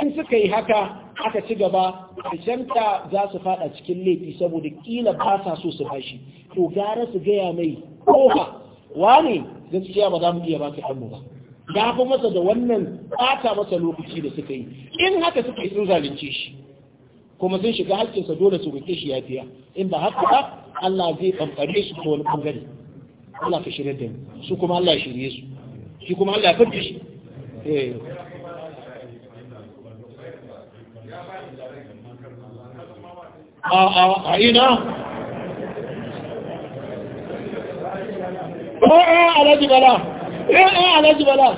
an suka yi haka aka ci gaba ta za su fada cikin laifi saboda kila ba sa so su bashi to gara su gaya mai koha wane gaskiya ba za mu iya baka hannu ba ya fi masa da wannan ɓata masa lokaci da suka yi in haka suka yi sun zalunce shi kuma sun shiga haƙƙinsa dole su roƙe shi yafiya in ba haka ba Allah zai bambare su ta wani bangare Allah ka shirye da mu su kuma Allah ya shirye su shi kuma Allah ya fadda shi eh a a a ina a a alhaji bala a eh, a eh, alhaji bala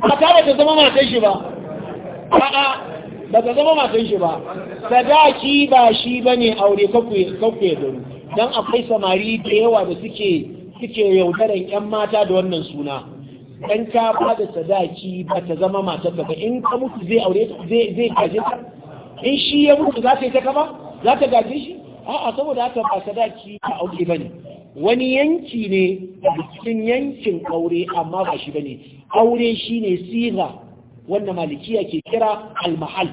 ba ta zama matan shi ba a a ba ta zama matan shi ba sadaki ba shi ba ne aure kakwai daru don akwai samari da yawa da suke suke yaudaran 'yan mata da wannan suna dan ka ba da sadaki ba ta zama matar ba. in ka mutu zai aure zai zai gaje ka in shi ya mutu za ta yi ta kama za ta gaje shi a'a saboda haka ba sadaki ba aure ne. wani yanki ne cikin yankin aure amma ba shi ba ne. aure shi ne siga Wannan malikiya ke kira al-mahal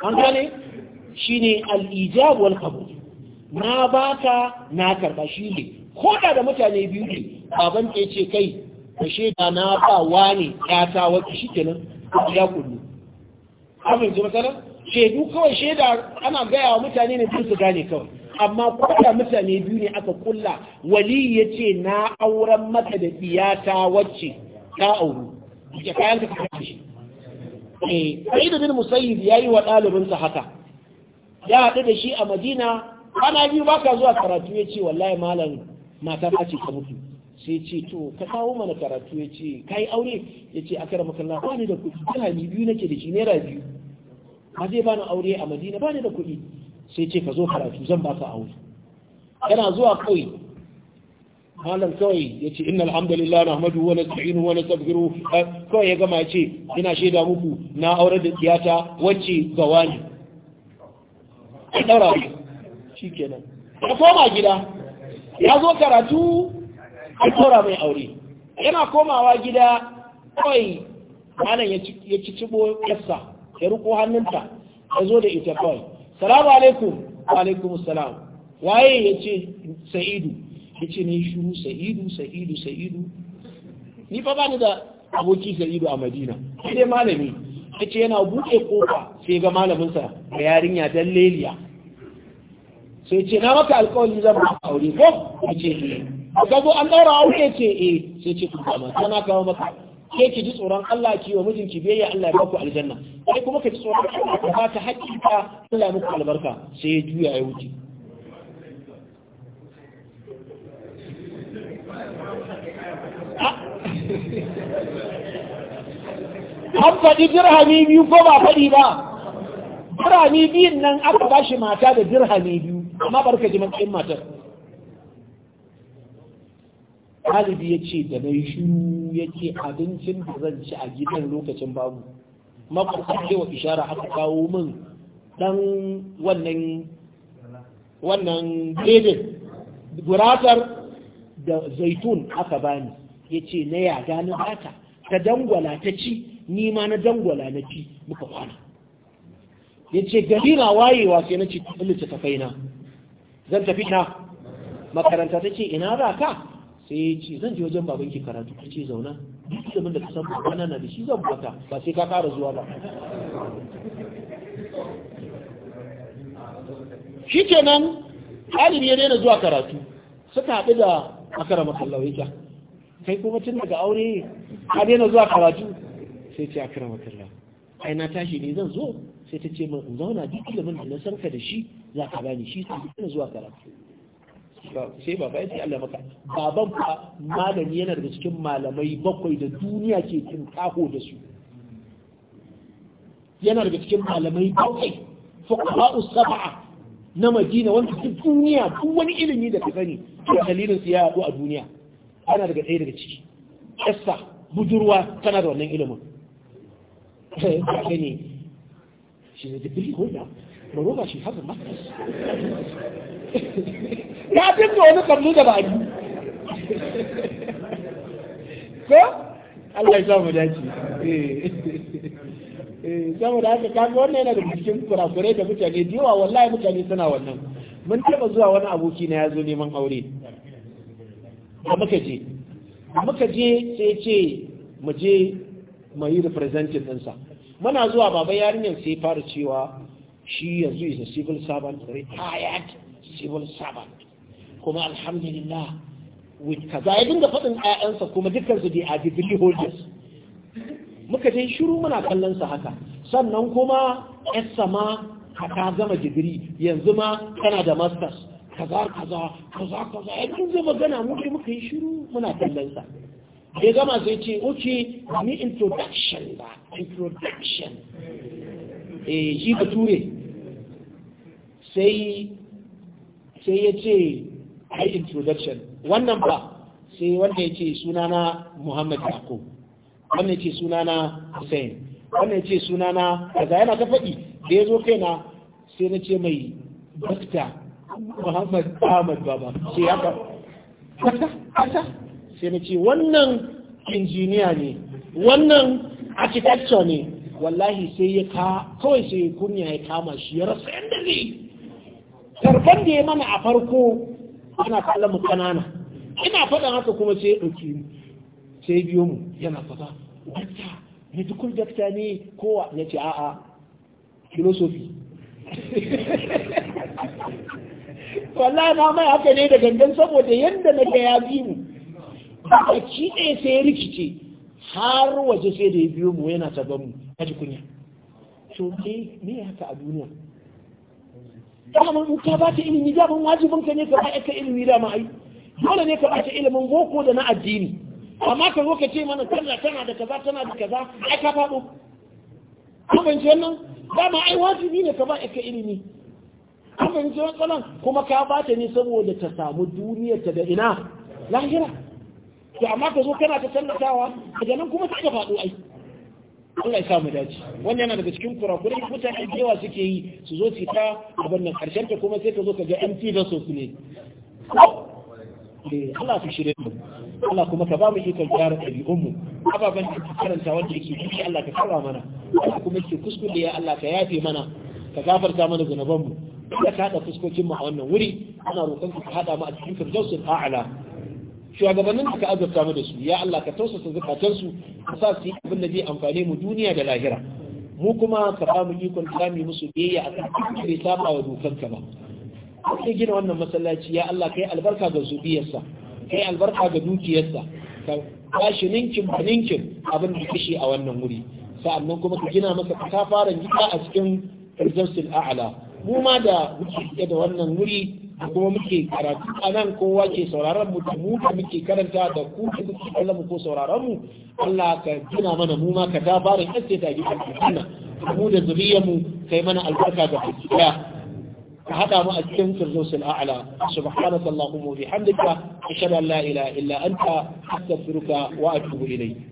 an gane shine al-ijab wal qabul na baka na karba shi ne. Ko da da mutane biyu ne baban ya ce kai ka sheda na ba wani ya ta wata shikenan ya kullu abin ji masana shedu kawai sheda ana gaya wa mutane ne su gane kawai amma ko da mutane biyu ne aka kulla wali ya ce na auren mata da iyata wacce ta auru ya kayan ka kashe Eh, sa'idu sa'id bin musayyib yayi wa ɗalibinsa haka ya haɗu da shi a madina ana biyu ka zuwa karatu ya ce wallahi malam mata ta ce ka mutu sai ce to ka kawo mana karatu ya ce ka yi aure ya ce a kara makalla ba ni da kuɗi ni biyu nake da shi nera biyu ba zai bani aure a madina ba ni da kuɗi sai ce ka zo karatu zan baka aure yana zuwa kawai malam kawai ya ce inna alhamdulillah na hamadu wani tsa'inu wani tsabgiru kawai ya gama ya ce ina shaida muku na aure da tiyata wacce gawa ne ɗaura ne shi kenan ya koma gida ya zo karatu an ɗaura mai aure yana komawa gida kawai malam ya ci cibo yassa ya riko hannunta ya zo da ita kawai salamu alaikum wa alaikum salam waye ya ce sa'idu kici ce ne shuru sa'idu sa'idu sa'idu ni fa ba ni da aboki sa'idu a madina sai malami kici yana buɗe kofa sai ga malaminsa da yarinya dan leliya sai ce na maka alkawali zan ba aure ko kici ce eh ka an ɗaura aure ce eh sai ce kuma ma sana kawo maka ke ki ji tsoron Allah ki wa mijinki biyayya Allah ya baku aljanna sai kuma ka ji tsoron Allah ka ba ta haƙƙi Allah ya muku albarka sai ya juya ya wuce an faɗi birhami biyu ko ba faɗi ba birhami biyun nan aka ba shi mata da birhami biyu amma barka ji matsayin matar ɗalibi ya ce da mai shiru ya ce abincin da zan ci a gidan lokacin babu makwasa ce wa ishara aka kawo min ɗan wannan wannan gurasar da zaitun aka bani ya ce na ya na haka ta dangwala ta ci ni ma na dangwala na ci muka kwana ya ce gari na wayewa sai na ci ta tafai na zan tafi na makaranta ta ce ina za ka sai ya ce zan je wajen babanki karatu ta ce zauna duk ilimin da ka san babana na da shi zan bata ba sai ka kara zuwa ba shikenan ɗalibi ya daina zuwa karatu suka haɗu da akara makallawaita kai kuma tun daga aure ka daina zuwa karatu sai ce akira makalla ai na tashi ne zan zo sai ta ce min zauna duk ilimin da na san ka da shi za ka bani shi sai ina zuwa karatu sai baba ya ce Allah maka baban ka malami yana daga cikin malamai bakwai da duniya ke kin kaho da su yana daga cikin malamai bakwai fuqaha'u sab'a na Madina wanda duk duniya duk wani ilimi da ka sani to dalilin su ya a duniya ana daga ɗaya daga ciki ƙasa budurwa tana da wannan ilimin eh, gani shi ne dubbi ko da maroba shi haka ma ya dinga wani kallo da ba yi ko Allah ya samu dace eh. Eh, saboda haka kaga wannan yana da cikin kurakurai da mutane da yawa wallahi mutane suna wannan mun taba zuwa wani aboki na ya zo neman aure a muka je muka je sai ce mu je mu yi representative ɗinsa muna zuwa baba yarinyar sai fara cewa shi yanzu is a civil servant retired civil servant kuma alhamdulillah with kaza ya dinga faɗin ƴaƴansa kuma dukkan su dai a degree holders muka je shiru muna kallon sa haka sannan kuma ƴarsa ma ta gama digiri yanzu ma kana da masters kaza kaza kaza kaza ya kun magana mu muka yi shiru muna kallon sa ya gama sai ce oke ni introduction ba introduction eh shi ba ture sai sai ya ce ai introduction wannan ba sai wanda ya ce sunana Muhammad Yakub wannan ya ce sunana Hussein wannan ya ce sunana kaza yana ta faɗi da ya zo kaina sai na ce mai dokta Muhammad Ahmad Baba shi haka kasa kasa sai na ce wannan injiniya ne wannan architecture ne wallahi sai ya ka kawai sai kunya ya kama shi ya rasa yadda zai karban da ya mana a farko ana kallon mu kanana ina faɗin haka kuma sai ya ɗauki mu sai biyo mu yana fata Wata, medical dakta ne kowa ya ce a'a philosophy wallahi na mai haka ne da gangan saboda yadda na ga ya bi mu a ci ɗaya sai rikice har waje sai da ya biyo mu yana taban mu a ji kunya to me me haka a duniya dama in ka ba ta ilimi dama wajibin ka ne ka ba ka ilimi dama ai dole ne ka ba ta ilimin boko da na addini amma ka zo ka ce mana tana tana da kaza tana da kaza ai ka faɗo kuma ban ce nan dama ai wajibi ne ka ba ka ilimi an fahimci matsalan kuma ka bata ne saboda ta samu duniyar ta da ina lahira to amma ka zo kana ta tallatawa A nan kuma ta faɗo ai Allah ya samu dace wannan yana daga cikin kurakurai mutane da yawa suke yi su zo su ta abin nan karshen ta kuma sai ka zo ka ga MT da so ne eh, Allah su shirye mu Allah kuma ka ba mu ikon gyara ɗabi'un mu ababen da ke karanta wanda yake yi Allah ka karra mana Allah kuma yake kuskure ya Allah ka yafe mana ka gafarta mana zunuban mu dole ka hada fuskokin mu a wannan wuri ana roƙon ka hada mu a cikin firdausul a'la shugabannin da ka azurta mu da su ya Allah ka tausasa zakatun su ka sa su yi abin da zai amfane mu duniya da lahira mu kuma ka ba mu ikon tsami musu biyayya akan kan bai saba wa dokanka ba sai gina wannan masallaci ya Allah kai albarka ga zuriyarsa kai albarka ga dukiyarsa ka bashi ninkin ninkin abin da kashe a wannan wuri sa'annan kuma ka gina masa katafaren gida a cikin firdausul a'la mu ma da muke da wannan wuri da kuma muke karatu a nan kowa ke sauraron mu da mu da muke karanta da ku da muke kallon mu ko sauraron mu Allah ka gina mana mu ma ka ta fara kace gidan aljanna mu da zuriyar mu kai mana albarka da fitina ka hada mu a cikin firdausul a'la subhanaka allahumma wa bihamdika ashhadu an la ilaha illa anta astaghfiruka wa atubu ilayk